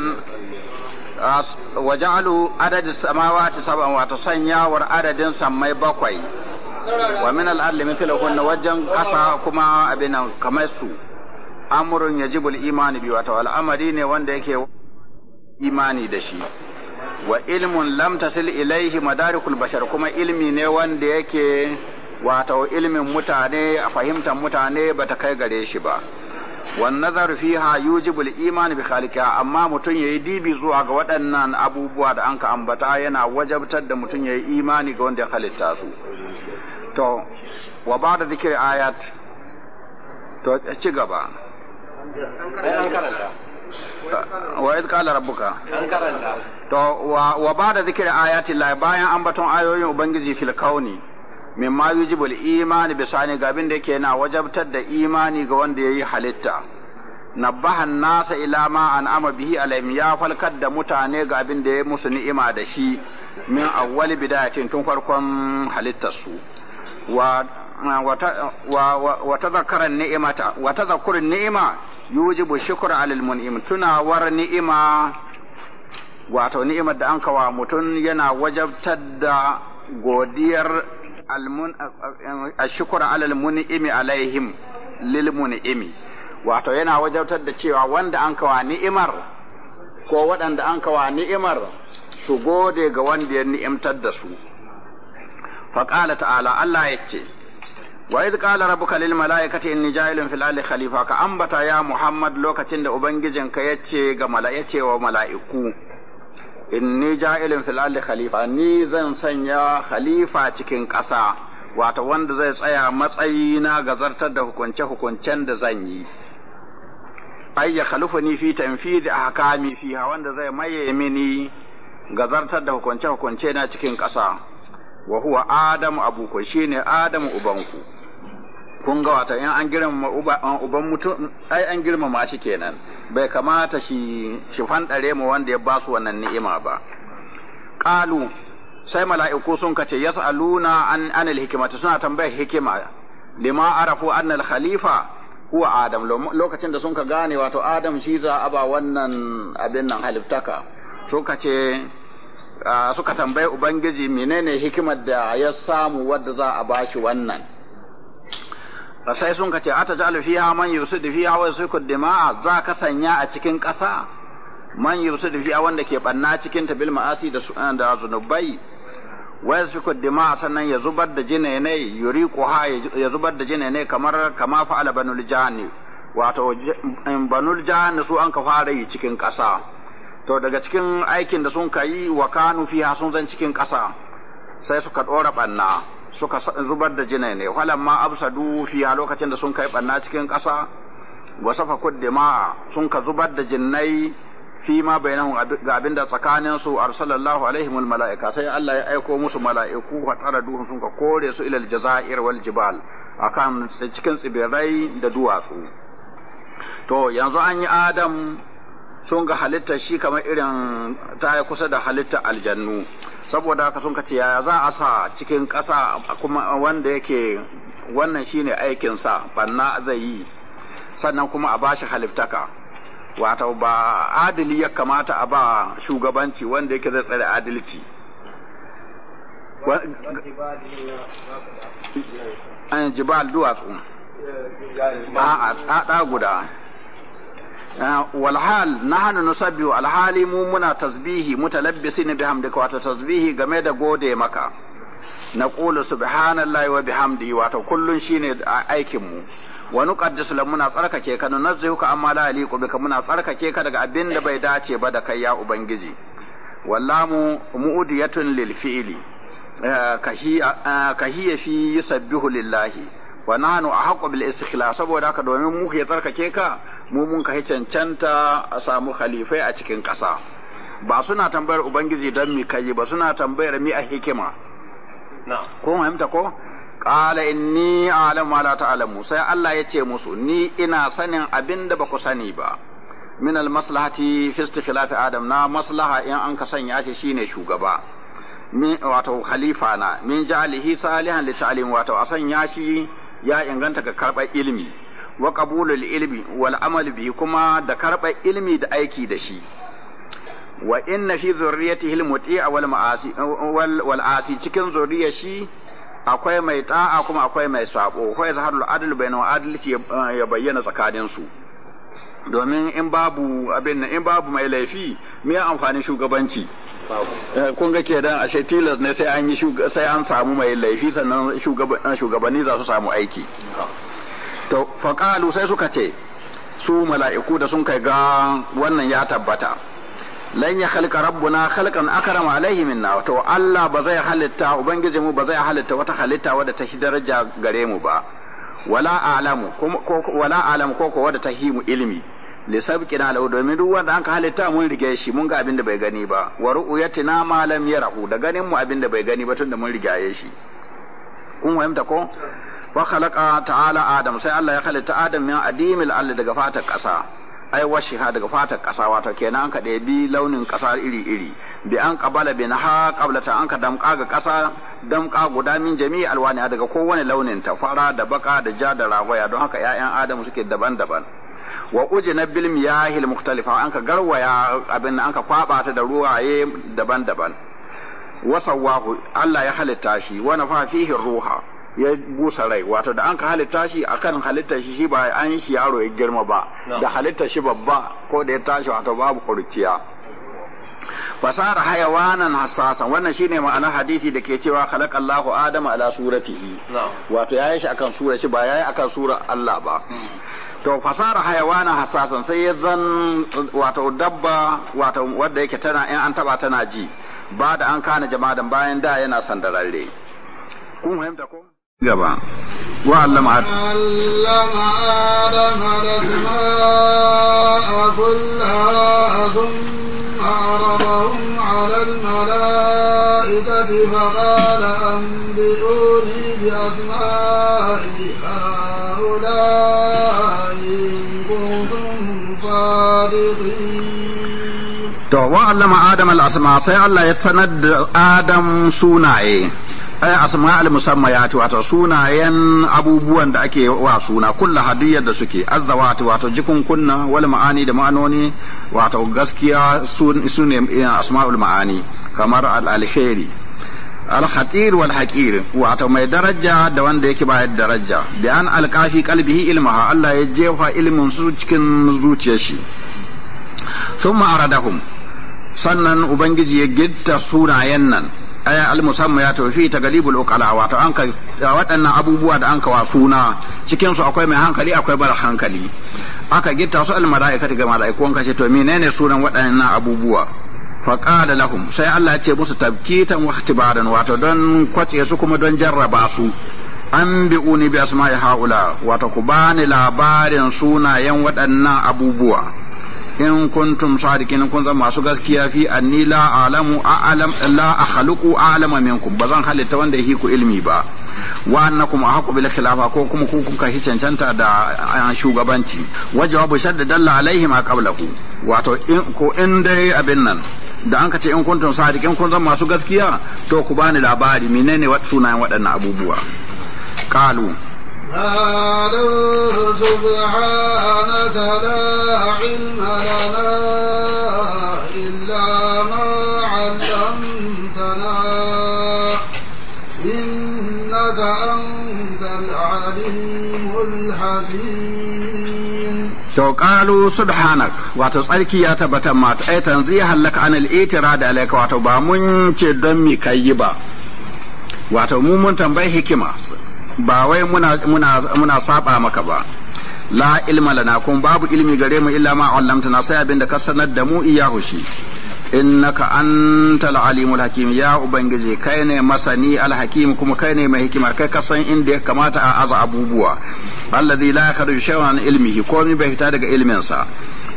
ah, waja'alu adada samawati sab'an wato sanyawar adadin sammai bakwai wa min al-ardi kunna wajen kasa kuma abinan kamar su amrun yajibul imani bi wato al'amari ne wanda yake imani da shi wa ilmun lam tasil ilaihi madarikul bashar kuma ilmi ne wanda yake wato ilmin mutane a fahimtar mutane ba ta kai gare shi ba wan nazar fiha yujibul iman bi khaliqa amma mutum yayi dibi zuwa ga waɗannan abubuwa da anka ambata yana wajabtar da mutum yayi imani ga wanda ya halitta su to wa ba'da dhikri ayat to ci gaba wa idh qala rabbuka to wa ba'da dhikri ayati la bayan ambaton ayoyin ubangiji fil kauni mimma yujibul imani bisani ga abin da yake na wajabtar da imani ga wanda yayi halitta nabbahan nasa ila ma ama bihi alaihim ya falkar da mutane ga abin da ya musu ni'ima da shi min awwali bidayatin tun farkon halittar su wa wa tazakkaran ni'imata wa ni'ima yujibu shukra mun'im tunawar ni'ima wato ni'imar da an kawa mutum yana wajabtar da godiyar ashukura alal imi alaihim lil imi. wato yana wajautar da cewa wanda an kawa ni'imar ko waɗanda an kawa ni'imar su gode ga wanda ya ni'imtar da su faqala ta'ala Allah ya ce. wa idh qala rabbuka lil malaikati inni ja'ilun fil ardi khalifa ka ambata ya muhammad lokacin da ubangijinka yace ga mala'iku wa mala'iku inni ja'ilin fil ardi khalifa ni zan sanya khalifa cikin ƙasa wata wanda zai tsaya matsayi na gazartar da hukunce hukuncen da zan yi ay ya khalifani fi tanfidi ahkami fiha wanda zai maye mini gazartar da hukunce hukunce na cikin ƙasa wa huwa adam abuku shine adam ubanku kun ga wata in an girmama uban mutum ai an girmama shi kenan bai kamata shi shi fandare mu wanda ya basu wannan ni'ima ba qalu sai mala'iku sun kace yas'aluna an anil hikmata suna tambayar hikima lima arafu anna al khalifa huwa adam lokacin da sun ka gane wato adam shi za a ba wannan abin nan haliftaka sun kace ah, suka tambayi ubangiji menene hikimar da ya samu wadda za a bashi wannan fa sai sun kace atajalu fiha man yusud fiha wa yusiku dima'a za ka sanya a cikin ƙasa man yusud fiha wanda ke banna cikin ta bil ma'asi da da zunubai wa yusiku dima'a sannan ya zubar da jinene yuriqu ha ya zubar da ne kamar kama al banul jani wato banul jani su an ka fara yi cikin ƙasa to daga cikin aikin da sun kai wa kanu fiha sun zan cikin ƙasa sai suka dora banna suka zubar da jinai ne halan ma absadu a lokacin da sun kai banna cikin ƙasa wa safa kuddima sun ka zubar da jinnai fi ma bainahum ga abin da tsakanin su arsalallahu alaihim mala'ika sai Allah ya aiko musu mala'iku wa tara duhun sun ka kore su ilal jazair wal jibal akan cikin tsibirai da duwatsu to yanzu an yi adam sun ga halitta shi kamar irin ta kusa da halitta aljannu saboda ka sun kace yaya za a sa cikin ƙasa kuma wanda yake wannan shine aikinsa banna zai yi sannan kuma a bashi halittaka, wato ba adili ya kamata a ba shugabanci wanda yake zai tsare adalci an eh, jibal duwatsu a ɗa guda Ah, walhal nahnu nusabbihu alhali mu muna tasbihi mutalabbisin bihamdika wato tasbihi game da gode maka naqulu subhanallahi wa bihamdi wato kullun shine aikin mu Wani nuqaddisu lahu muna tsarkake ka nunazzihuka amma la yaliqu bika muna tsarkake ka daga abin da bai dace ba da kai ya ubangiji wallamu mu'udiyatun lil fi'li ah, kahiya ah, fi yusabbihu lillahi wa nahnu a bil istikhlas saboda aka domin mu ke tsarkake ka mu mun kai cancanta a samu khalifai a cikin ƙasa ba suna tambayar ubangiji don mi kai ba suna tambayar mi a hikima ko fahimta ko qala inni a'lamu ma la ta'lamu sai Allah ya ce musu ni ina sanin abin da ku sani ba min al maslahati fi istikhlafi adam na maslaha in an ka sanya shi shine shugaba min wato khalifa na min jalihi salihan li ta'lim wato a sanya shi ya inganta ga karɓar ilimi wa qabulul ilmi wal amal bi kuma da karɓar ilmi da aiki da shi wa inna fi zurriyatihi al muti'a wal ma'asi wal asi cikin zuriyar shi akwai mai ta'a kuma akwai mai sabo akwai zaharul adl bainu adalci ya bayyana tsakanin su domin in babu abin in babu mai laifi me amfani shugabanci kun ga kenan ashe tilas ne sai an yi sai an samu mai laifi sannan shugabanni za su samu aiki to faƙalu sai suka ce su mala'iku da sun kai ga wannan ya tabbata lan ya halka rabbuna halkan akrama alaihi minna to Allah ba zai halitta ubangiji mu ba zai halitta wata halitta wadda ta daraja gare mu ba wala alamu ko wala alamu ko ko wadda ta himu ilmi li lahu domin duk wanda an halitta mun rige shi mun ga abin da bai gani ba wa ru'yatina ma lam yarahu da ganin mu abin da bai gani ba tunda mun rigaye shi kun fahimta ko wa khalaqa ta'ala adam sai Allah ya halitta adam min adimil alli daga fatar kasa ai ha daga fatar ƙasa wato kenan an ka bi launin kasa iri-iri bi an qabala bi naha qablata an ka damƙa ga kasa damƙa guda min jami'i alwani daga kowane launin ta fara da baka da ja da rawaya don haka 'ya'yan adam suke daban-daban wa na bil miyahil mukhtalifa an ka garwaya abin an ka kwaba ta da ruwaye daban-daban wasawahu Allah ya halitta shi wa nafa fihi ruha ya busa rai wato da an ka halitta shi akan halitta shi shi ba an shi yaro ya girma ba da halitta shi babba ko da ya tashi wato babu kurciya fasara hayawanan hassasa wannan shine ma'anar hadisi da ke cewa khalaqallahu adama ala suratihi wato yayi shi akan sura shi ba yayi akan sura Allah ba hmm. to fasara hayawanan hassasa sai ya zan wato dabba wato wanda yake tana in an taba tana ji ba da an kana jama'an bayan da yana sandararre kun fahimta ko جبا وعلم آدم علم آدم الأسماء كلها ثم عرضهم على الملائكة فقال أنبئوني بأسماء هؤلاء إن كنتم صادقين. وعلم آدم الأسماء سيعلى يسند آدم سونائي ai asma al musammayat wato sunayen abubuwan da ake wa suna kullu hadiyyar da suke azzawati wato jikun kunna wal ma'ani da ma'anoni wato gaskiya sun sune eh, asma'ul ma'ani kamar al alkhairi al khatir wal haqir wato mai daraja da wanda yake bayar daraja bi an kafi qalbihi ilmaha Allah ya jefa ilmin su cikin zuciyar shi thumma aradahum sannan ubangiji ya gitta sunayen nan al-musamma ya tawfi ta galibul uqala wato an ka waɗannan abubuwa da an ka wa suna cikin su akwai mai hankali akwai bar hankali aka gita su al-mala'ikati ga mala'iku an kace to menene sunan waɗannan abubuwa fa qala lahum sai Allah ya ce musu tabkitan wa ihtibaran wato don kwace su kuma don jarraba su an bi uni bi asma'i haula wato ku bani labarin sunayen waɗannan abubuwa in kuntum sadikin kun zama masu gaskiya fi anni la a'lamu a'lam la akhluqu a'lama minkum bazan halitta wanda yake ku ilmi ba wa annakum ahqu bil khilafa ko kuma ku kuka shi cancanta da shugabanci wa jawabu shadda dalla alaihi ma qablahu wato in ko in dai abin nan da an ka ce in kuntum sadikin kun zama masu gaskiya to ku bani labari menene wat sunayen waɗannan abubuwa qalu قالوا سبحانك لا علم لنا إلا ما علمتنا إنك أنت العليم الحكيم to qalu subhanak wato tsarki ya tabbata mata ai tanzihan lak anil itirad alayka wato ba mun ce don mi kai ba wato mu mun tambayi hikima ba wai muna muna muna saba maka ba la ilma lana kun babu ilmi gare mu illa ma na sai abinda ka sanar da mu iyahu shi innaka antal alimul hakim ya ubangiji kai ne masani alhakim kuma kai ne mai hikima kai ka san inda ya kamata a aza abubuwa alladhi la yakhruju shay'an ilmihi komai bai fita daga ilmin sa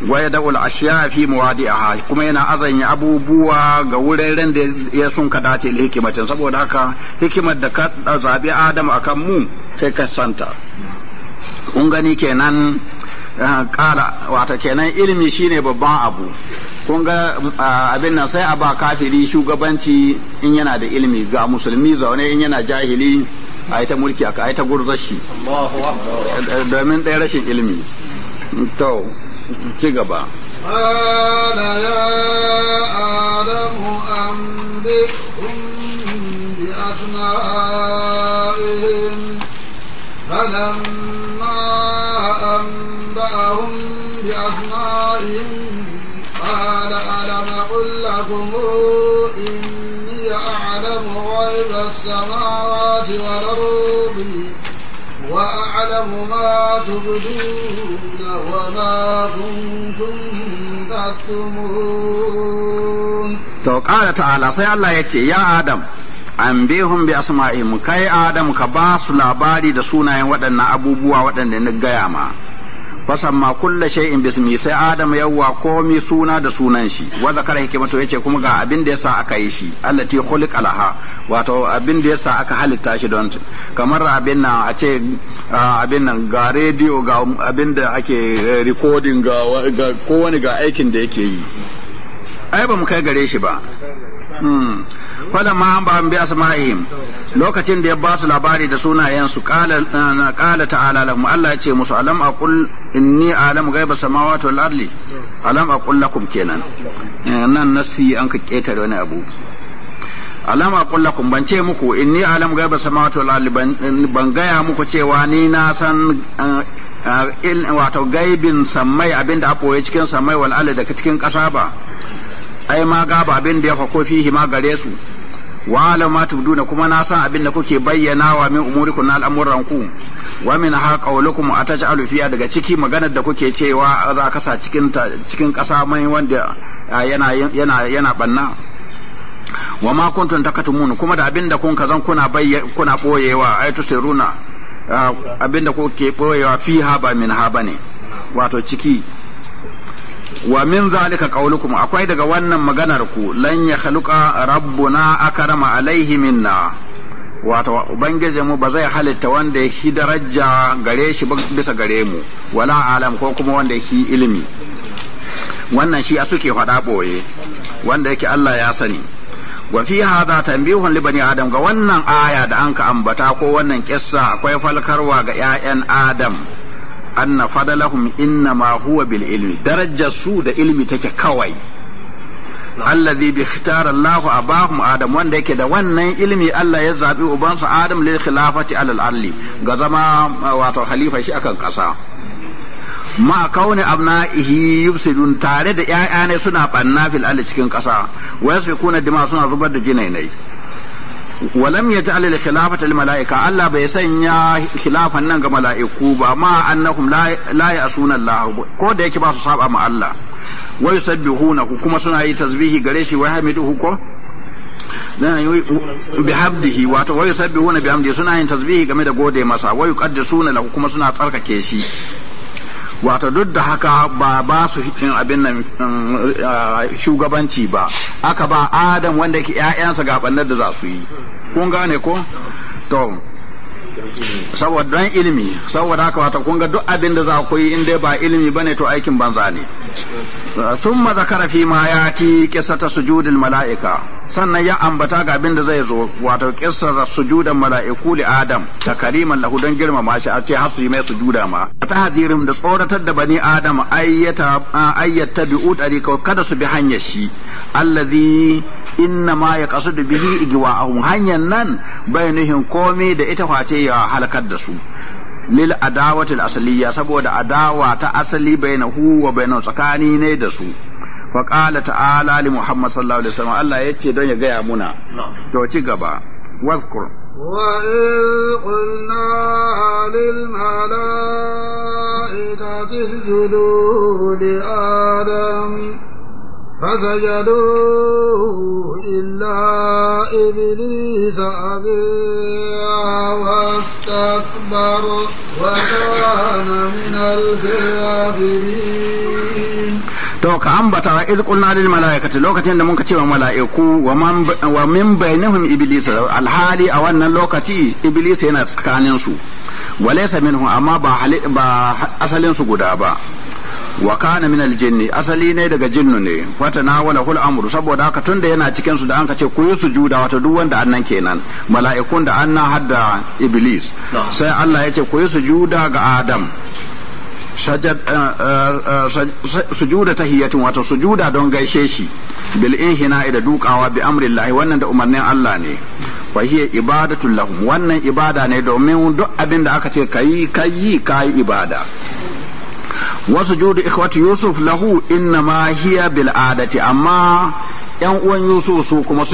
wa ya da'ul ashiya fi muwadi'aha kuma yana azanya abubuwa ga wuraren da ya sun ka dace hikimacin saboda haka hikimar da ka zabi adam akan mu sai ka santa kun gani kenan kara eh, wata kenan ilimi shine babban abu kun ga abin nan sai a ba kafiri shugabanci in yana da ilimi ga musulmi zaune in yana jahili a yi ta mulki aka a yi ta gurzashi domin ɗaya rashin ilimi to ci gaba. Ana ya Adamu an an ba umbi asuna ihin, ana adama kulla Adamu wai ba wa Adamu ma to ƙara ta'ala sai Allah ya ce ya Adam an bihun bi asma'ihim kai Adam ka ba su labari da sunayen waɗannan abubuwa waɗanda na gaya ma fasamma kulla shay'in bismi sai adam yawwa komi suna da sunan shi wa zakara hikimatu yace kuma ga abin da yasa aka yi shi allati khuliq alaha wato abin da yasa aka halitta shi don kamar abin nan a ce abin nan ga radio ga abin da ake eh, recording ga kowane ga aikin da yake yi ai ba mu kai gare shi ba Kwallon hmm. ma an ba an bi asma'ihim lokacin da ya ba su labari da qala kala ta'ala lahum Allah ya ce musu alam aqul inni alamu ghaiba samawati wal ardi alam aqul lakum kenan eh, nan nasi an ka ketare wani abu alam aqul lakum ban ce muku inni alamu ghaiba samawati wal ardi ban gaya muku cewa ni na san eh, wato gaibin samai abinda a cikin samai wal ardi daga cikin kasa ba ai ma gaba abin da ya fako fihi ma gare su wa alama tubduna kuma na san abin da kuke bayyana wa min umurikum na al'amuran ku wa min ha qawlukum ataj'alu fiha daga ciki maganar da kuke cewa za ka sa cikin cikin kasa mai wanda yana yana yana banna wa ma kuntum takatumun kuma da abin da kun kazan kuna bayya kuna boyewa ay tusiruna abin da kuke boyewa fiha ba min ha bane wato ciki wa min zalika qaulukum akwai daga wannan maganar ku lan ya khaluqa rabbuna akrama alaihi minna wato ubangijin mu ba zai halitta wanda ya hi daraja gare shi bisa gare mu wala alam ko kuma wanda ya ilimi wannan shi a suke faɗa ɓoye wanda yake Allah ya sani wa fi hadha tanbihun li bani adam ga wannan aya da anka ambata ko wannan kissa akwai falkarwa ga ƴaƴan adam anna fadalahum innama huwa bil ilmi darajar su da ilmi take kawai allazi bi ikhtar Allahu abahum adam wanda yake da wannan ilmi Allah ya zabi ubansa adam lil khilafati alal arli ga zama eh, wato khalifa shi akan kasa ma kauni abna'ihi yubsidun tare da ƴaƴa ne suna banna fil cikin kasa wa yasfikuna dima suna zubar da jinainai walam yaj'al al khilafata lil malaika Allah bai sanya khilafan nan ga malaiku ba ma annahum la ya'suna Allah ko da yake ba su saba ma Allah wa yusabbihuna kuma suna yi tasbihi gare shi wa hamiduhu ko bihabdihi wato wa yusabbihuna bihamdi suna yin tasbihi game da gode masa wa kuma suna tsarkake shi Wata duk da haka ba ba su abin nan um, uh, shugabanci ba aka ba adam wanda yake ƴaƴansa ga ɓannar da za su yi kun gane ko to saboda don ilimi saboda haka wata kun ga duk abin da za ku yi in dai ba ilimi bane to aikin banza ne sun mazakara fi ma ya ti kisata sujudul mala'ika sannan ya ambata ga abin da zai zo wato kissar sujudan mala'iku li adam ta kariman lahu don girmama shi a ce har su yi mai sujuda ma ta hadirin da tsoratar da bani adam ayyata ayyata bi'u ko kada su bi hanyar shi allazi inna ma ya kasu da bihi a hanyar nan bai nuhin komai da ita face ya halakar da su lil adawatil asliya saboda adawa ta asali bainahu wa bainahu tsakani ne da su fa qala ta'ala li muhammad sallallahu alaihi wasallam Allah yace don ya gaya muna to ci gaba wazkur وإذ قلنا للملائكة اسجدوا Adam. فسجدوا إلا إبليس أبيا واستكبر وكان من الكافرين to ka ambata wa iz qulna lil malaikati lokacin da muka ce wa mala'iku wa min bainahum iblis alhali a wannan lokaci iblis yana tsakanin su walaysa minhu amma ba asalin su guda ba wa kana min aljinni asali ne daga jinnu ne wata na wala hul amru saboda haka tunda yana cikin su da an ce ku yi sujuda wato duk wanda annan kenan mala'ikun da anna hadda iblis sai Allah ya ce ku yi sujuda ga adam eh, eh, eh, sujuda tahiyatin wato sujuda don gaishe shi bil inhina ida dukawa bi amrillah wannan da umarnin Allah ne wa hiya ibadatul lahum wannan ibada ne domin duk abin da aka ce kayi kayi kayi ibada wasu judu ikhwati yusuf lahu inna ma hiya bil adati amma yan uwan yusuf su kuma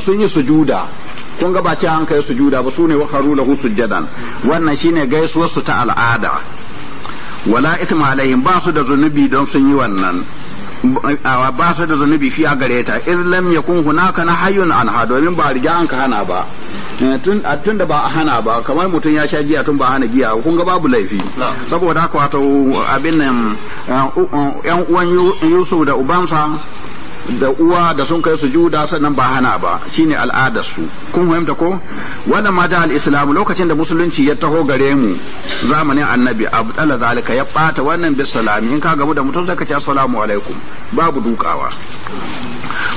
sun yi sujuda kun ga ba ce an kai sujuda ba su ne lahu sujadan wannan shine gaisuwar su ta al'ada wala ithma alaihim ba su da zunubi don sun yi wannan ba su da zunubi fiya a gare ta iz lam yakun hunaka an anha domin ba riga an ka hana ba eh, tun tun da ba a hana ba kamar mutum ya sha giya tun ba hana giya kun ga babu laifi saboda haka wato abin nan eh, eh, yan uwan Yusuf da ubansa da uwa da sun kai su sujuda sannan ba hana ba shine al'adar su kun fahimta ko wannan ma al islam lokacin da musulunci ya taho gare mu zamanin annabi abdalla zalika ya bata wannan bis salami in ka gabu da mutum zaka ce assalamu alaikum babu dukawa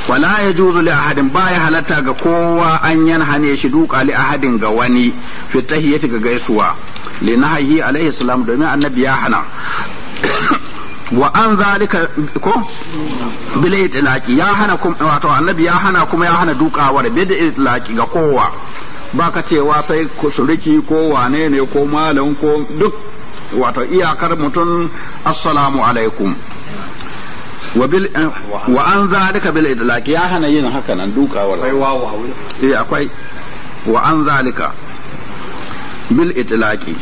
wala yajuzu li ahadin ba ya halatta ga kowa an yanhane shi duka li ahadin ga wani fi ga gaisuwa li nahyi alaihi salam domin annabi ya hana wa an zalika ko bil itlaqi ya hana kum wato annabi ya hana kuma ya hana dukawar bil itlaqi ga kowa baka cewa sai suriki ko wane ne ko malam ko duk wato iyakar mutum assalamu alaikum wa bil wa an zalika bil itlaqi ya hana yin haka nan dukawar akwai wawa eh akwai wa an zalika bil itlaqi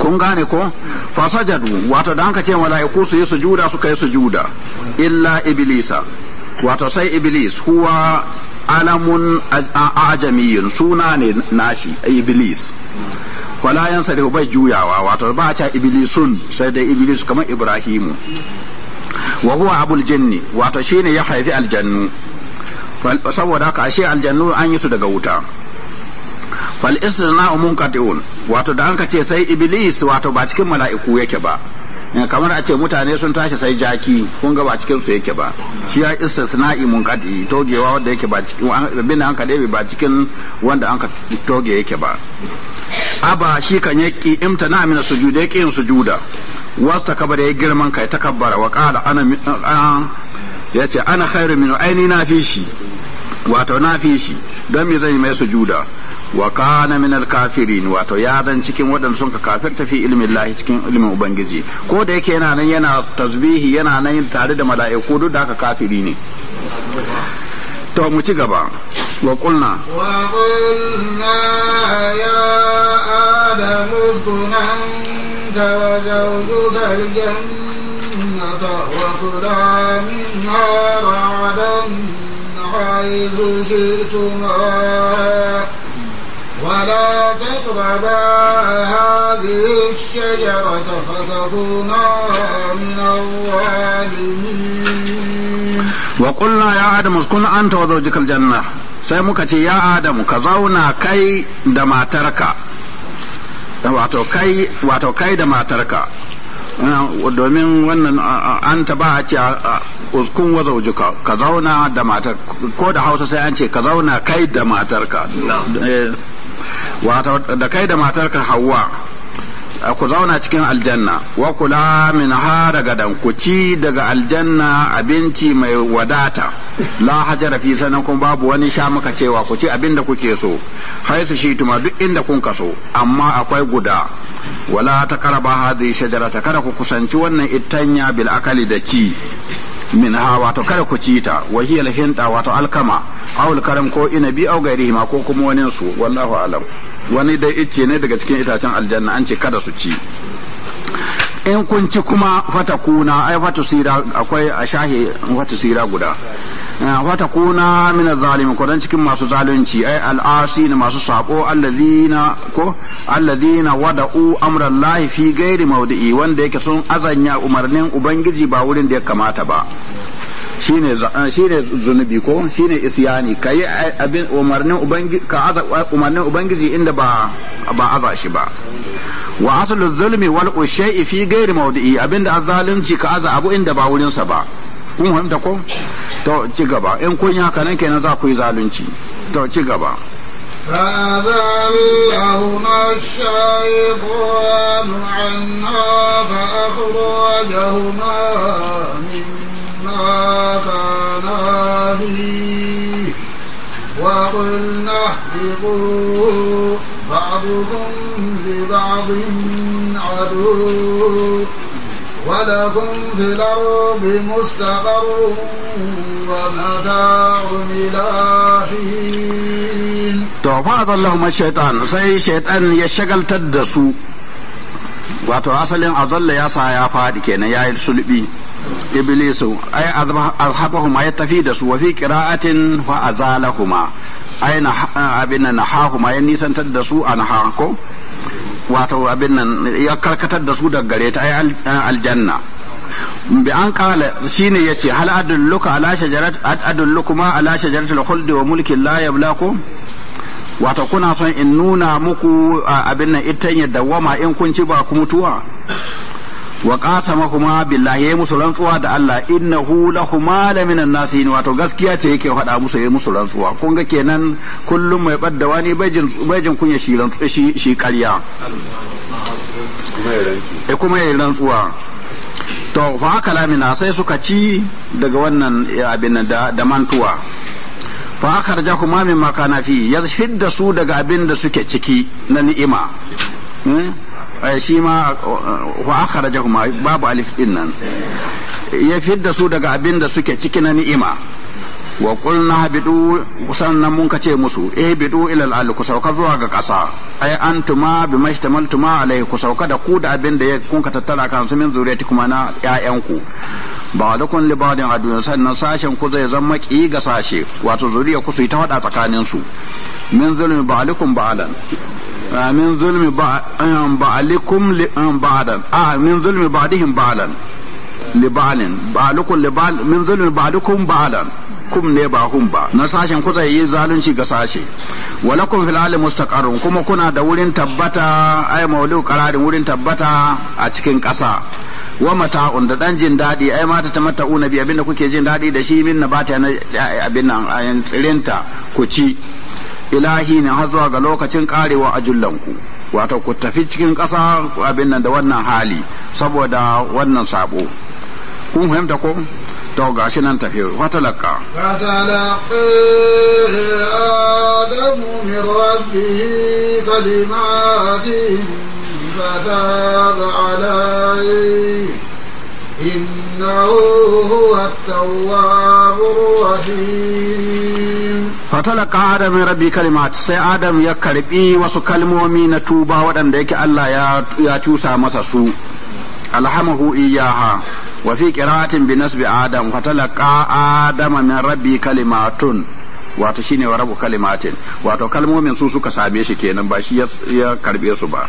kun gane ko fasajadu wato da ka ce mala'iku su yi sujuda suka yi sujuda illa iblisa wato sai iblis huwa alamun ajamiyin suna ne nashi iblis wala yansa da bai juyawa wato ba a ca iblisun sai da iblis kamar ibrahimu wa huwa abul jinni wato shine ya haifi aljannu saboda haka ashe aljannu an yi su daga wuta fal istisna'u munqati'un wato da an ka ce sai iblis wato ba cikin mala'iku yake ba eh, kamar a ce mutane sun tashi sai jaki kun ga ba cikin su yake ba shi ya istisna'i munqati togewa wanda yake ba cikin bin an ka dabe ba cikin wanda an ka toge yake ba aba shi kan yaki imtana min sujud yake yin sujuda wasta kabara ya girman kai takabbara wa qala ana yace ana khairu min aini na fi shi wato na fi shi don me zai mai sujuda wa kana min al-kafirin wato ya dan cikin waɗansu sun ka kafirta fi ilmi Allah cikin ilmin ubangiji ko da yake yana nan yana tasbihi yana nan tare da mala'iku duk da aka kafiri ne to mu ci gaba wa qulna wa qulna ya adamu kun anta wa zawjuka al-jannata wa kula minha ولا تقربا هذه الشجرة فتكونا من الظالمين وقلنا يا آدم اسكن أنت وزوجك الجنة sai muka ce ya Adamu ka zauna kai da matarka wato kai wato kai da matarka domin wannan an ta ba a ce uskun waza ujuka ka zauna da matarka ko da hausa sai an ce ka zauna kai da matarka wato da kai da matarka Hawwa ku zauna cikin aljanna wa kula min ha daga dan ku ci daga aljanna abinci mai wadata la hajara fi kun babu wani sha muka cewa ku ci abin da kuke so haisu shi tuma duk inda kun kaso amma akwai guda wala ta karaba hadhihi shajarata kada ku kusanci wannan ittanya bil akali da ci min ha wato kada ku ci ta wa hiya hinta wato alkama aw karam ko inabi aw gairihi ma ko kuma wani su wallahu alam wani dai icce ne daga cikin itacen aljanna an ce kada su ci in kun ci kuma fata kuna ai fata sira akwai a shahi fata sira guda eh, fata kuna min zalimin ko dan cikin masu zalunci ai al'asi na masu sabo alladhina ko alladhina wada'u amrallahi fi ghairi mawdi'i wanda yake sun azanya umarnin ubangiji ba wurin da ya kamata ba shine eh, shine zunubi ko shine isyani kai eh, abin umarnin ubangiji ka aza eh, umarnin ubangiji inda ba ba aza shi ba wa aslu zulmi wal ushai fi ghairi mawdi'i abinda azalunci ka aza abu inda ba wurin sa ba kun fahimta ko to ci gaba in kun yi haka nan kenan za ku yi zalunci to ci gaba هذا لهما الشيطان عنا فأخرجهما ما كان فيه وقلنا اهبطوا بعضكم لبعض عدو ولكم في الأرض مستقر ومتاع إلى حين. تو فأضلهم الشيطان سي شيطان يشغل تدسو wato asalin azalla ya sa ya faɗi kenan ya yi sulbi iblisu ay azhabahum ay tafi da su wa fi qira'atin wa azalahuma ay na abin nan hahuma ya nisantar da su an ko wato abin nan ya karkatar da su daga gare ta ay aljanna bi an kala shine yace hal adulluka ala shajarat adulluka ma ala shajaratil khuldi wa mulkin la yablaku wato kuna son in nuna muku abin nan ita ya dawama in kun ci ba ku mutuwa wa qasama kuma billahi ya musu rantsuwa da Allah innahu lahuma la minan nasin wato gaskiya ce yake faɗa musu ya musu rantsuwa kun ga kenan kullum mai badda ne bai jin kunya shi rantsuwa shi shi ƙarya e kuma ya rantsuwa to fa kalamina sai suka ci daga wannan abin da mantuwa fa min ma kana fi ya su daga abin da suke ciki na ni'ima hmm? eh, shi ma eh, wa ma babu alif din nan ya su daga abin da suke ciki na ni'ima wa qulna bidu sannan mun kace musu eh bidu ila al ku sauka zuwa ga kasa ai antuma bi mashtamaltuma alai ku sauka da ku da abin da ya kun ka tattala kan su min zuriyati kuma na da kun li ba'din adu sannan sashen ku zai zama ki ga sashe wato zuriya ku su ta fada tsakanin su min zulmi ba'alikum ba'alan ah, min zulmi ba'alikum ba'adan a ah, min zulmi ba'dihim ba'alan li ba'alin ba'alukum li ba'al min zulmi ba'dukum ba'alan kum ne ba hum ba na sashen kusa yi zalunci ga sashe walakum fil alim mustaqarrun kuma kuna da wurin tabbata ay maulu qararin wurin tabbata a cikin ƙasa wa mata'un da dan jin dadi ai mata ta mata'una bi abinda kuke jin dadi da shi min nabata na abin nan tsirinta ku ci ilahi ne har zuwa ga lokacin karewa ajullanku wato ku tafi cikin ƙasa abin nan da wannan hali saboda wannan sabo kun fahimta ko to ga shi nan tafi fatalaka fatalaka adamu min rabbihi kalimatin fataba alayhi innahu huwa at-tawwabur rahim fatalaka adam min rabbi kalimat sai adam ya karbi wasu kalmomi na tuba waɗanda yake Allah ya ya cusa masa su alhamahu iyaha وفي قراءة بنسب آدم فتلقى آدم من ربي كلمات wato shine wa rabu kalimatin wato kalmomin su suka same shi kenan ba shi ya karbe su ba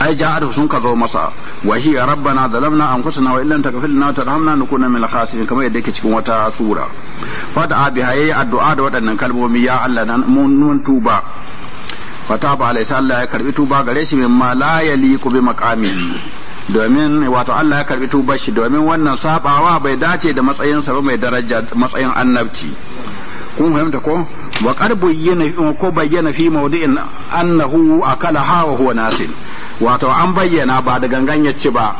ai ja'ar sun ka zo masa wa hi rabbana zalamna anfusana wa illam taghfir lana tarhamna nakuna min al-khasirin kamar yadda yake cikin wata sura fada abi haye addu'a da waɗannan kalmomi ya Allah nan mun tuba ba alaysa Allah ya karbi tuba gare shi mimma la yaliqu bi maqamihi domin wato Allah ya karbi tuba shi domin wannan sabawa bai dace da matsayin sa ba mai daraja matsayin annabci kun fahimta ko wa qarbu bayyana ko bayyana fi mawdi'in annahu akala hawa huwa nasin wato an bayyana ba da gangan yace ba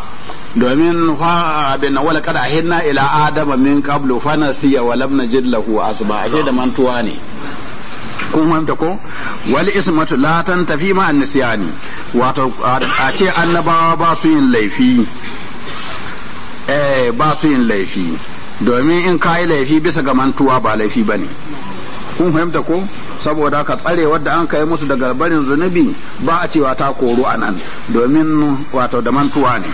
domin fa abin wala qad ahinna ila adama min qablu fa nasiya wa lam najid lahu asba ashe da mantuwa ne kun fahimta ko wal ismatu la tafi ma an wato a ce annabawa ba su yin laifi eh ba su yin laifi domin in ka laifi bisa ga mantuwa ba laifi bane kun fahimta ko saboda ka tsare wadda an kai musu daga barin zunubi ba a cewa ta koro anan domin wato da mantuwa ne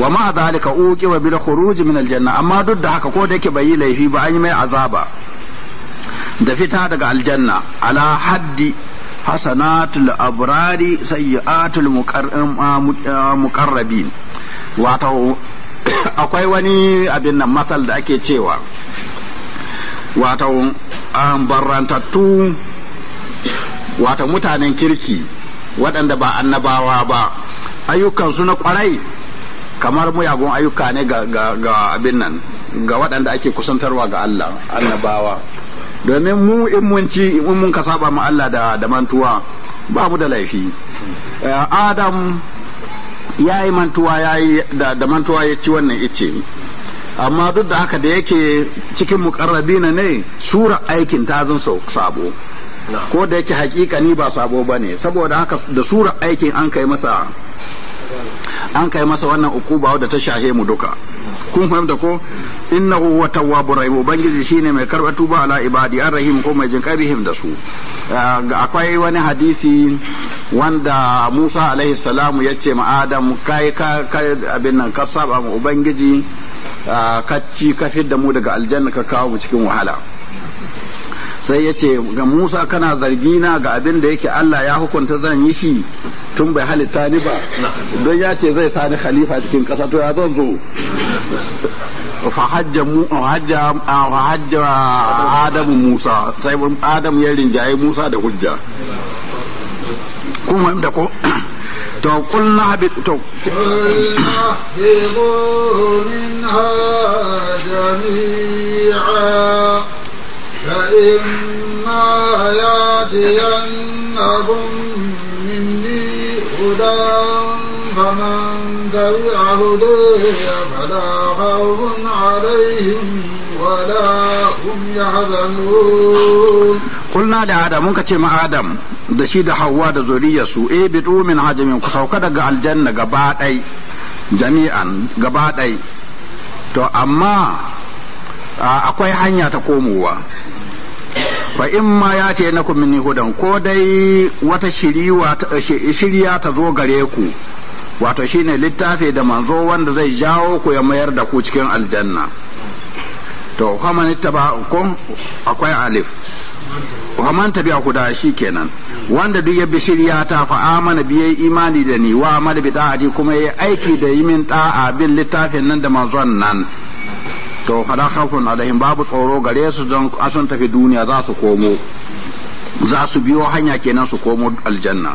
wa ma zalika uqi wa bil khuruj min al janna amma duk da haka ko da yake bai yi laifi ba an yi mai azaba da fita daga aljanna ala haddi hasanatul abrari sayyi'atul ah, ah, muqarrabin wato akwai wani abin nan matsal da ake cewa wato ah, barantattu wato mutanen kirki waɗanda ba annabawa ba ayyukansu na kwarai kamar muyagun ayyuka ne ga abin nan ga waɗanda ake kusantarwa ga Allah annabawa domin mu in mun ci in mun ka saba ma Allah da da mantuwa ba mu da laifi eh, Adam yayi mantuwa ya yi da mantuwa ya ci wannan ice amma duk da haka da yake cikin muqarrabina ne sura aikin ta zan sabo ko da yake hakika ni ba sabo ba ne saboda haka da sura aikin an kai masa an kai masa wannan ukuba da ta shahe mu duka kun fahimta ko innahu huwa tawwabur rahim ubangiji shine mai karba tuba ala ibadi arrahim ko mai jinkai bihim da su ah, akwai wani hadisi wanda Musa alaihi salamu ya ce ma Adam kai ka abin nan ka saba ma ubangiji ah, ka ci ka fidda mu daga aljanna ka kawo mu cikin wahala sai ya ce ga Musa kana zargi na ga abin da yake Allah ya hukunta zan yi shi tun bai halitta ni ba don ya ce zai sani khalifa cikin ƙasa to ya zan zo fahajja adamu Musa sai Adamu ya rinjaye Musa da hujja kuma da ko to kulna habit to kulna minha jami'a فإما يأتينهم مني هدى فمن تبع هدي فلا خوف عليهم ولا هم يحزنون قلنا لآدم كتي آدم da shi da Hauwa da zuriyarsu e bidu min hajamin ku sauka daga aljanna gaba ɗai jami'an gaba ɗai to amma akwai hanya ta komowa fa in ma ya ce na kun minni hudan ko dai wata eh, shirya ta zo gare ku wato shine littafi da manzo wanda zai jawo ku ya mayar da ku cikin aljanna to faman taba kun akwai alif faman tabi'a shi kenan wanda duk ya bi shirya ta fa amana biye imani da ni wa amal bi da'ati kuma yayi aiki da yimin da'a bin littafin nan da manzon nan to hada khaufun alaihim babu tsoro gare su don sun tafi duniya za su komo za su biyo hanya kenan su komo aljanna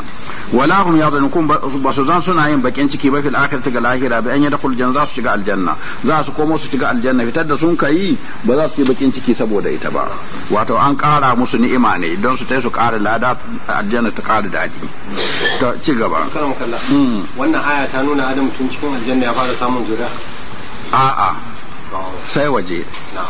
wala hum yazankum ba su zan suna yin bakin ciki ba fil akhirati ga lahira bi an yadkhul janna za su shiga aljanna za su komo su shiga aljanna fitar da sun kai ba za su yi bakin ciki saboda ita ba wato an kara musu ni'ima ne don su tai su kara lada aljanna ta kara dadi to ci gaba hmm. wannan aya ta nuna adam tun cikin aljanna ya fara samun zuriya a'a sai waje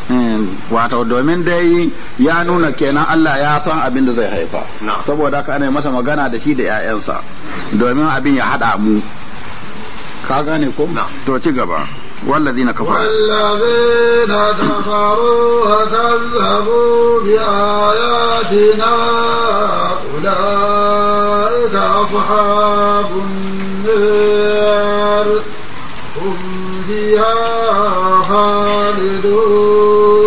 hmm, wato domin dai ya nuna kenan Allah ya san abin da zai haifa saboda haka ana masa magana da shi da 'ya'yansa domin abin ya haɗa mu ka gane ko to ci gaba والذين كفروا والذين كفروا وكذبوا بآياتنا أولئك أصحاب النار فيها خالدون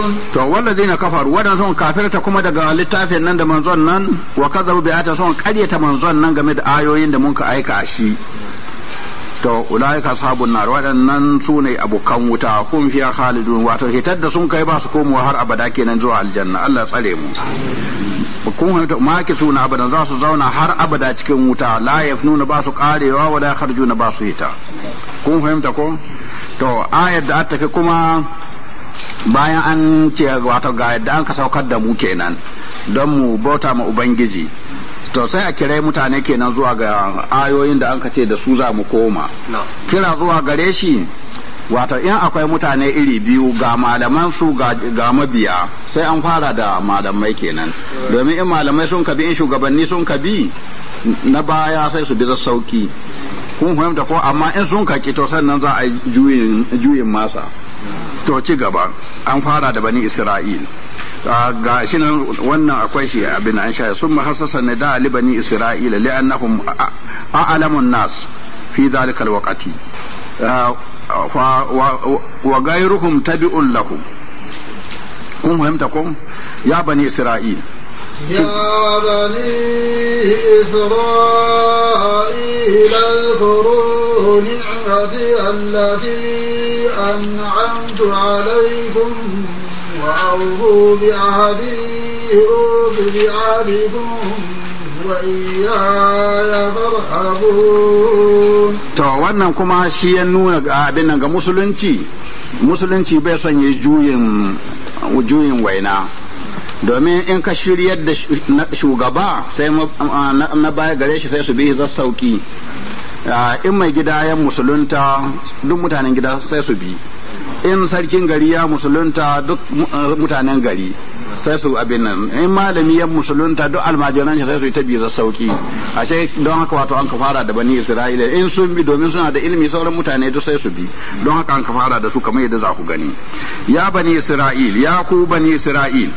na kafar kafaru wadan sun kafirta kuma daga littafin nan da manzon nan wa kadzabu bi ayati sun qaryata manzon nan game da ayoyin da mun ka aika shi to ulaika ashabun nar wadannan sune abokan wuta kun fiya khalidun wato hitar da sun kai ba su komowa har abada kenan zuwa aljanna Allah tsare mu kun ta maki suna abadan za su zauna har abada cikin wuta la yafnuna ba su karewa wala kharjuna ba su hita kun fahimta ko to ayar da tafi kuma bayan an ce wato ga yadda an ka saukar da mu kenan don mu bauta ma ubangiji to sai a kira mutane kenan zuwa ga ayoyin da an ka ce da su za mu koma kira zuwa gare shi wato in akwai mutane iri biyu ga malaman su ga mabiya sai an fara da malamai kenan domin in malamai sun kabi in shugabanni sun bi na baya sai su bi sauki kun fahimta ko amma in sun kaki to sannan za a juyin juyin masa to ci gaba an fara da bani isra'il ah, ga shi nan wannan akwai shi abin an sha sun mahassasa ne da ali bani isra'ila li'annahum a'lamun nas fi dhalika alwaqti ah, wa gairuhum tabi'un lahum kun fahimta ko ya bani isra'il يا بني إسرائيل اذكروا نعمتي التي أنعمت عليكم وأوفوا بعهدي أوف بعهدكم To wannan kuma shi ya nuna abin nan ga musulunci, musulunci bai sanya juyin waina. domin in ka shiryar da shugaba sai na baya gare shi sai su bi za sauki in mai gida ya musulunta duk mutanen gida sai su bi in sarkin gari ya musulunta duk mutanen gari sai su abin nan in malami ya musulunta duk almajiran shi sai su yi tabi biyu sauki ashe don haka wato an ka fara da bani isra'ila in sun bi domin suna da ilimi sauran mutane duk sai su bi don haka an ka fara da su kamar yadda za ku gani ya bani isra'il ya ku bani isra'il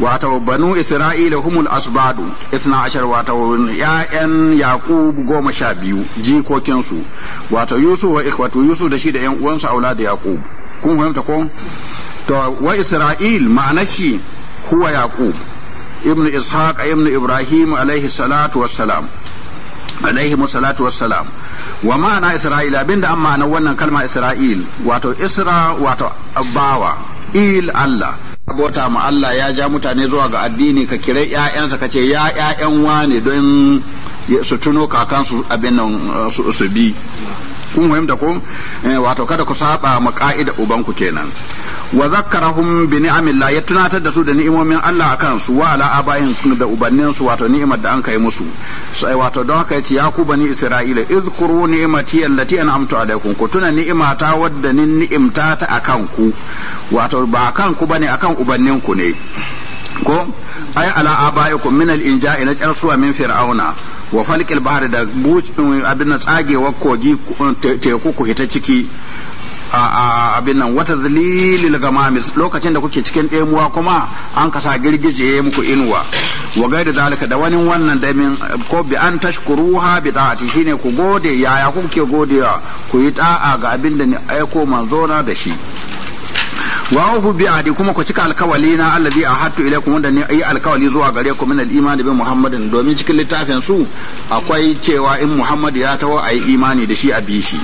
wato banu isra'ila humul asbadu ithna ashar wato ya'yan yaqub goma sha biyu jikokinsu wato yusuf wa ikhwatu yusuf da shi da yan uwansa aulad yaqub kun fahimta ko to wa isra'il ma'anar shi huwa yaqub ibnu ishaq ibnu ibrahim alaihi salatu wassalam alaihi salatu wassalam wa ma'ana isra'ila abinda an ma'anar wannan kalma isra'il wato isra wato bawa il allah abota ma Allah ya ja mutane zuwa ga addini ka kira ƴaƴansa ka ce ya ƴaƴan wane don su tuno kakansu abin nan su bi kun da ko eh, wato kada ku saba ma ka'ida ubanku kenan wa zakkarahum bi ni'amillah ya tunatar da su da ni'imomin Allah akan su wa ala abahin da ubannin su wato ni'imar da an kai musu sai eh, wato don haka yace ya ku bani isra'ila izkuru ni'mati allati an'amtu alaikum ku tuna ni'imata wadda ni ni'imta ta akan ku wato ba akan ku bane akan ubannin ku ne ko ay ala abaikum min al-inja'i na tsarsuwa min fir'auna wa falikil bahari da abin nan tsagewa kogi teku ku hita ciki abin nan wata zalilil gamamis lokacin da kuke cikin ɗemuwa kuma an kasa girgije muku inuwa wa gaida zalika da wani wannan da min ko bi an ha bi ta'ati shine ku gode yaya kuke godewa ku yi ta'a ga abin da ni aiko manzona da shi wa hu bi adi kuma ku cika alkawali na allazi ahadtu ilaikum wanda ne ayi alkawali zuwa gare ku min al-iman bi muhammadin domin cikin littafin su akwai cewa in muhammad ya tawo ayi imani da shi a bi shi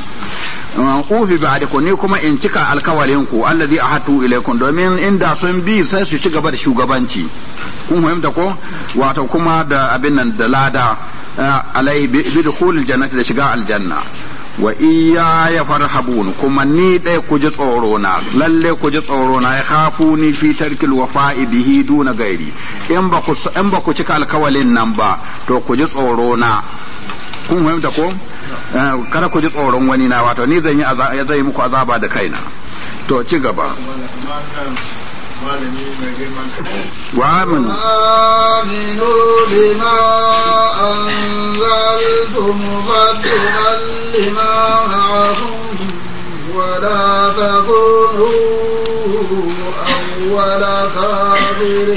ufi bi adi ne kuma in cika alkawalin ku allazi ahadtu ilaikum domin inda sun bi sai su ci gaba da shugabanci kun fahimta ko wato kuma da abin nan da lada eh, alai bi dukhulil jannati da shiga aljanna wa iya ya farhabun kuma ni ɗaya ku ji tsoro na lalle ku ji tsoro na ya hafu ni fi tarkil wafa'i bihi duna gairi in ba ku cika alkawalin nan ba to ku ji tsoro na kun fahimta ko eh, kada ku ji tsoron wani na wato ni zan yi muku azaba da kaina to ci gaba وآمنوا آمنوا بما أنزلت مصدقا لما معكم ولا تكونوا أول كافر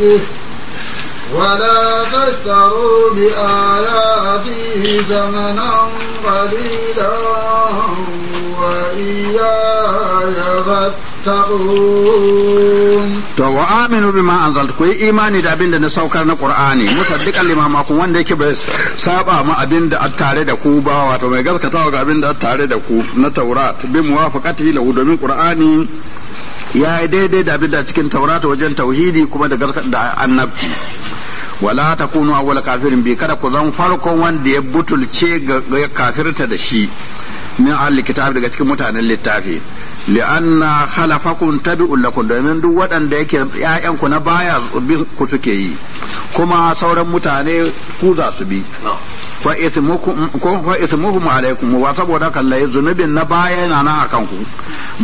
به ولا تشتروا بآياتي ثمنا قليلا وإياي فاتقون to wa aminu bima anzaltu ku yi imani da abin da na saukar na qur'ani musaddiqan lima ma kun wanda yake bai saba ma abin da tare da ku ba wato mai gaskatawa ga abin da tare da ku na taurat bi muwafaqati lahu domin qur'ani ya yi daidai da abin da cikin taurat wajen tauhidi kuma da annabci wala takunu awwal kafirin bi kada ku zan farkon wanda ya butulce ga kafirta da shi min ahli kitab daga cikin mutanen littafi li'anna khalafakum tabi'un lakum domin duk waɗanda yake ƴaƴan ku na baya bin ku suke yi kuma sauran mutane ku za su bi fa ismuhum alaikum wa saboda kallai zunubin na baya yana nan akan ku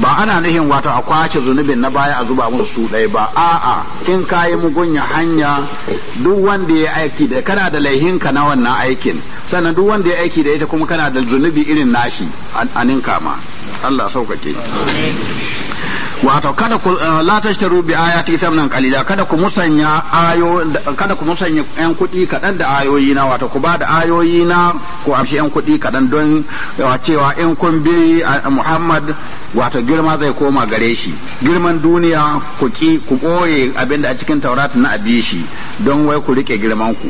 ba ana nihin wato a kwace zunubin na baya a zuba musu su ɗaya ba a'a kin kayi mugunya hanya duk wanda ya aiki da kana da laihinka na wannan aikin sannan duk wanda ya aiki da ita kuma kana da zunubi irin nashi a ninka ma Allah sauƙaƙe wato kada ku eh, la tashtaru bi ayati thamnan qalila kada ku musanya ayo kada ku musanya yan kuɗi kaɗan da ayoyi na wato ku ba da ayoyi na ku amshi yan kuɗi kaɗan don eh, cewa in kun bi eh, Muhammad wato girma zai koma gare shi girman duniya ku ki ku ɓoye abinda a cikin Taurat na abishi don wai ku rike girman ku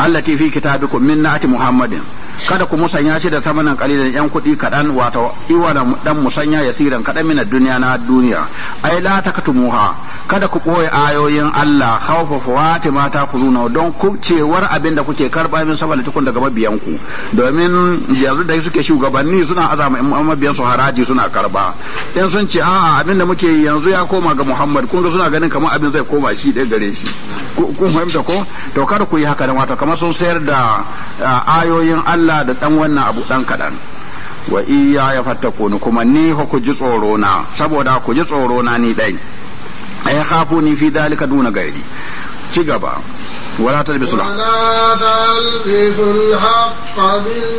ta fi kitabikum min Muhammadin kada ku musanya shi da tamanin kalilan yan kuɗi kaɗan wato iwa da dan musanya yasiran kaɗan minar duniya na duniya ai la muha kada ku ɓoye ayoyin Allah khawfa fawati mata kuluna don ku cewar abin kuke karba min saboda tukun daga mabiyan ku domin yanzu da suke shugabanni suna azama mabiyan su haraji suna karba. in sun ce a'a abinda muke yanzu ya koma ga Muhammad kun ga suna ganin kamar abin zai koma shi ɗaya gare shi kun fahimta ko to kada ku yi haka da wato kamar sun sayar da ayoyin Allah Allah da dan wannan abu dan kadan wa iya ya ni kuma ni fa ku ji tsoro na saboda ku ji tsoro na ni dai ay khafuni fi dalika duna gairi ci gaba ولا تلبسوا الحق ولا تلبسوا الحق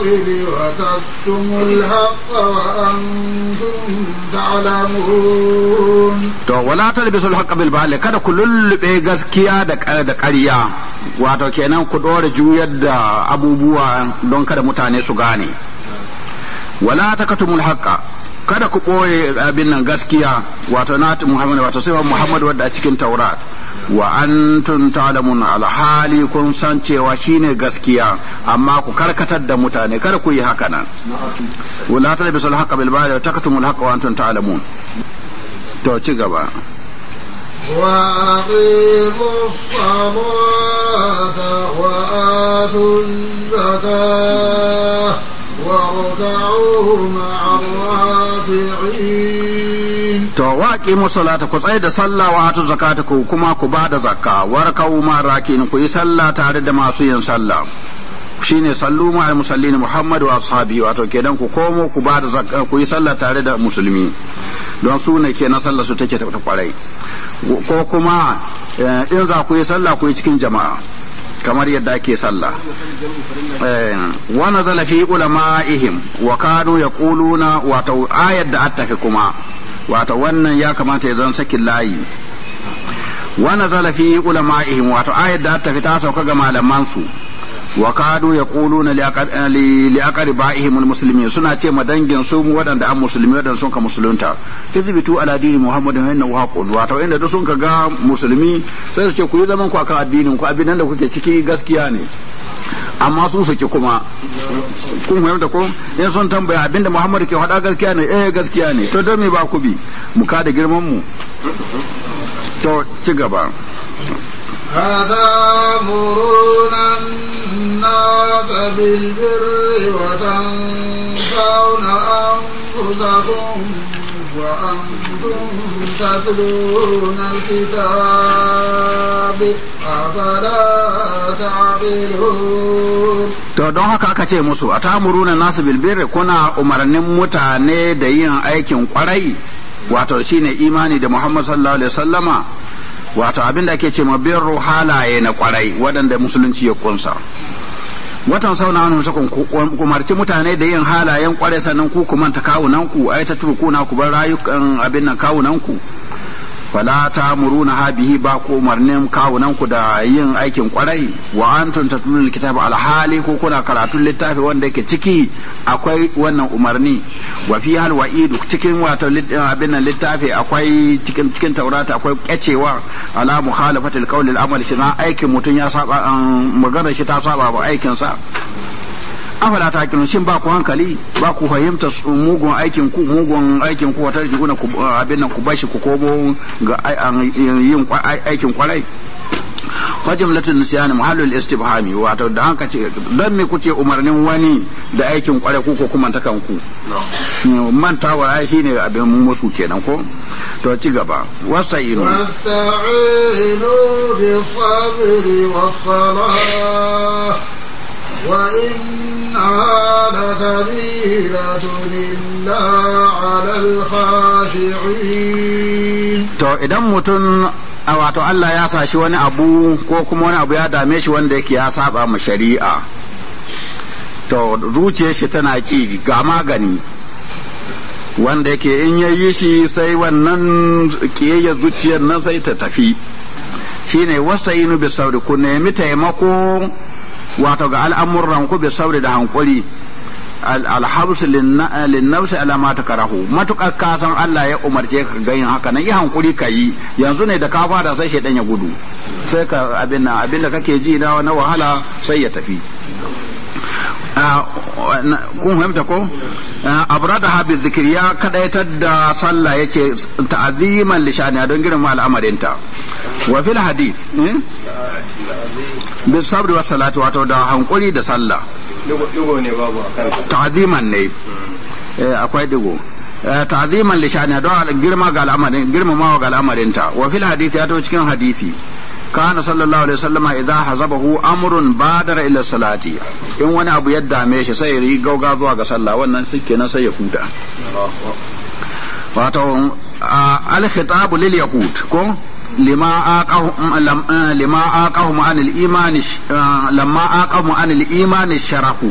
بالباطل وتكتموا الحق وأنتم تعلمون to wala talbisu alhaqqa bil kada ku lullube gaskiya da da ƙarya wato kenan ku ɗora juyar da abubuwa don kada mutane su gane wala takatumul haqqa kada ku ɓoye abin nan gaskiya wato na Muhammad wato sai Muhammad wadda a cikin Taurat wa antum ta'lamun alhali kun san cewa shine gaskiya amma ku karkatar da mutane kada ku yi haka nan wala talbisu alhaqa bil batil taqtumu alhaqa wa antum ta'lamun to ci gaba فاركعوه مع الراكعين to ku tsaye da sallah wa hatu zakata ku kuma ku ba da zakka warkau ma rakin ku yi sallah tare da masu yin sallah shine sallu ma al musallin muhammadu wa ashabi wato kenan ku komo ku ba da zakka ku yi sallah tare da musulmi don su ne na sallah su take ta kwarai ko kuma eh, in za ku yi sallah ku yi cikin jama'a kamar yadda ake sallah eh, wani nazala fi ulama'ihim wa kanu kuluna wata ayar da attafi kuma wata wannan ya kamata ya zan sakin layi wani nazala fi ulama'ihim wata ayar da attafi ta sauka ga malamansu. wa kadu na li aqribaihim musulmi suna ce ma dangin su waɗanda an musulmi waɗanda sun ka musulunta izbitu ala dini muhammadin wa innahu haqqun wato inda duk sun ka ga musulmi sai su ce ku yi zaman ku akan addinin ku abin da kuke ciki gaskiya ne amma sun saki kuma kun yadda ko in sun tambaya abinda muhammadu ke faɗa gaskiya ne eh gaskiya ne to don me ba ku bi mu ka da girman mu to ci gaba أتأمرون الناس بالبر وتنسون أنفسكم وأنتم تتلون الكتاب أفلا تعقلون To don haka aka ce musu a tamuruna nasu bilbir kuna umarnin mutane da yin aikin kwarai wato shine imani da Muhammad sallallahu alaihi wasallama wato abin da ake ce ma birru halaye na kwarai waɗanda musulunci ya kunsa watan sauna wani musa kumarci mutane da yin halayen kwarai sannan ku kuma ta kawunan ku ai ta na ku bar rayukan abin nan kawunan ku fala ta muruna ha bihi ba ku umarnin kawunan ku da yin aikin kwarai wa antum tatlul kitaba alhali ko kuna karatun littafi wanda yake ciki akwai wannan umarni wa fi hal wa'idu cikin wato eh, abin littafi akwai cikin cikin taurata akwai kyacewa ala mukhalafatil qawli al-amal shi na aikin mutum ya saba magana shi ta saba ba aikin sa afala ta kinu shin ba ku hankali ba ku fahimta mugun aikin ku mugun aikin ku wata jiguna ku eh, abin nan ku bashi ku komo ga yin aikin kwarai fa latin nisyan mahallul istibhami wato da hanka ce dan me kuke umarnin wani da aikin kware ku ko kuma takan ku wa ai shine abin musu kenan ko to ci gaba wasta'inu wasta'inu bi sabri wa salah وإنها لكبيرة إلا على الخاشعين a wato Allah ya sashi wani abu ko kuma wani abu ya dame shi wanda yake ya saba mu shari'a to ruce shi tana ki ga magani wanda yake in yayi shi sai wannan kiyayyar zuciyar nan sai ta tafi shine wasta yinu sauri ku nemi taimako wato ga al'amuran ku bi sauri da hankuri alhabsu linnafsi ala ma matukar kasan Allah ya umarce ka ga yin haka nan yi hankuri ka yi yanzu ne da ka fara sai shedan ya gudu sai ka abin abin da kake ji na wahala sai ya tafi Ah, kun fahimta ko ah, abrada habi zikir ya kadaitar da sallah yace ta'ziman li sha'ani don girma al'amarinta wa fil hadith eh? bi sabri wa salati wato da hankuri da sallah digo ne babu ne hmm. eh, akwai digo eh, ta'ziman li sha'ani don girma ga al'amarin girmamawa ga al'amarinta wa fil hadith ya to cikin hadisi kana sallallahu alaihi wasallama idan hazabahu amrun badara ila salati in wani abu ya dame shi sai yi gauga zuwa ga sallah wannan suke nan sai ya huta wato al-khitab lil yahud ko lima aqahum eh, an eh, al sharahu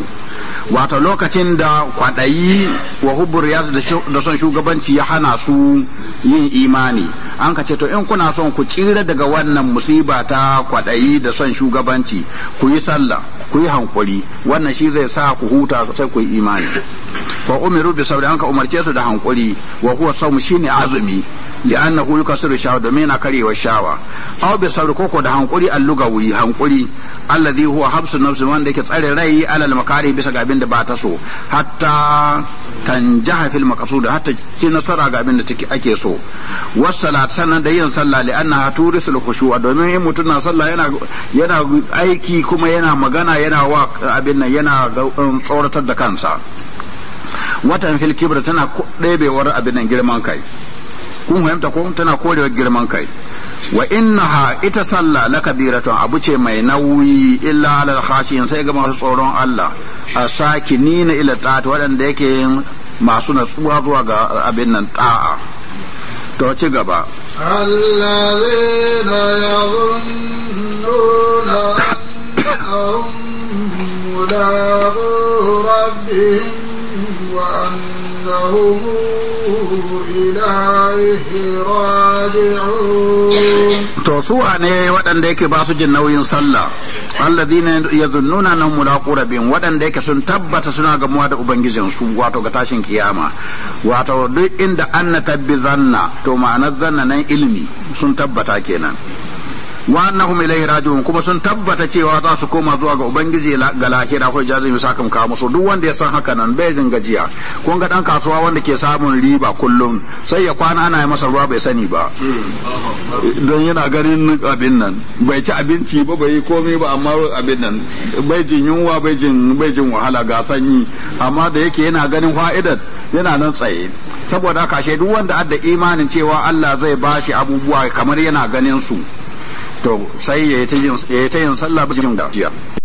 wato lokacin da kwaɗayi wa da son shugabanci ya hana su yin imani an ka ce to in kuna son ku tsira daga wannan musiba ta kwaɗayi da son shugabanci ku yi sallah ku yi hankuri wannan shi zai sa ku huta sai ku yi imani wa umiru bi sabri an ka umarce su da hankuri wa huwa sawm shine azumi hu yukasiru shawa domin yana karewa shawa aw bi sabri koko da hankuri allugawi hankuri alladhi huwa habsu nafsi wanda yake tsare rai alal makari bisa ga abin da ba ta so hatta tanjaha fil maqsuda hatta ki nasara ga abin da take ake so wassalat sanan da yin sallah li annaha turithul khushu'a domin in mutum na sallah yana yana aiki kuma yana magana yana wa abin nan yana um, tsoratar da kansa watan fil kibra tana ɗebewar abin nan girman kai kun fahimta ko tana korewar girman kai wa ha ita sallah la kabiratun abu ce mai nauyi illa alal sai ga masu tsoron Allah a nina ila ta'at waɗanda yake masu natsuwa zuwa ga abin nan ta'a to ci gaba alladhina yazunnuna annahum rabbihim wa أنهم إليه راجعون to su a ne waɗanda yake ba su jin nauyin sallah ya zunnuna nan mulaqu rabin waɗanda yake sun tabbata suna gamuwa da ubangijin su wato ga tashin kiyama wato duk inda tabbi zanna to ma'anar zanna nan ilimi sun tabbata kenan wa annahum ilayhi raji'un kuma sun tabbata cewa za su koma zuwa ga ubangiji ga lahira ko jazi mu sakam ka musu duk wanda ya san haka nan bai jin gajiya kun ga dan kasuwa wanda ke samun riba kullum sai ya kwana ana masa ruwa bai sani ba don yana ganin abin nan bai ci abinci ba bai komai ba amma abin nan bai jin yunwa bai jin bai jin wahala ga sanyi amma da yake yana ganin fa'idar yana nan tsaye saboda kashe duk wanda adda imanin cewa Allah zai bashi abubuwa kamar yana ganin su to sai ya yi ta yin sallah ba da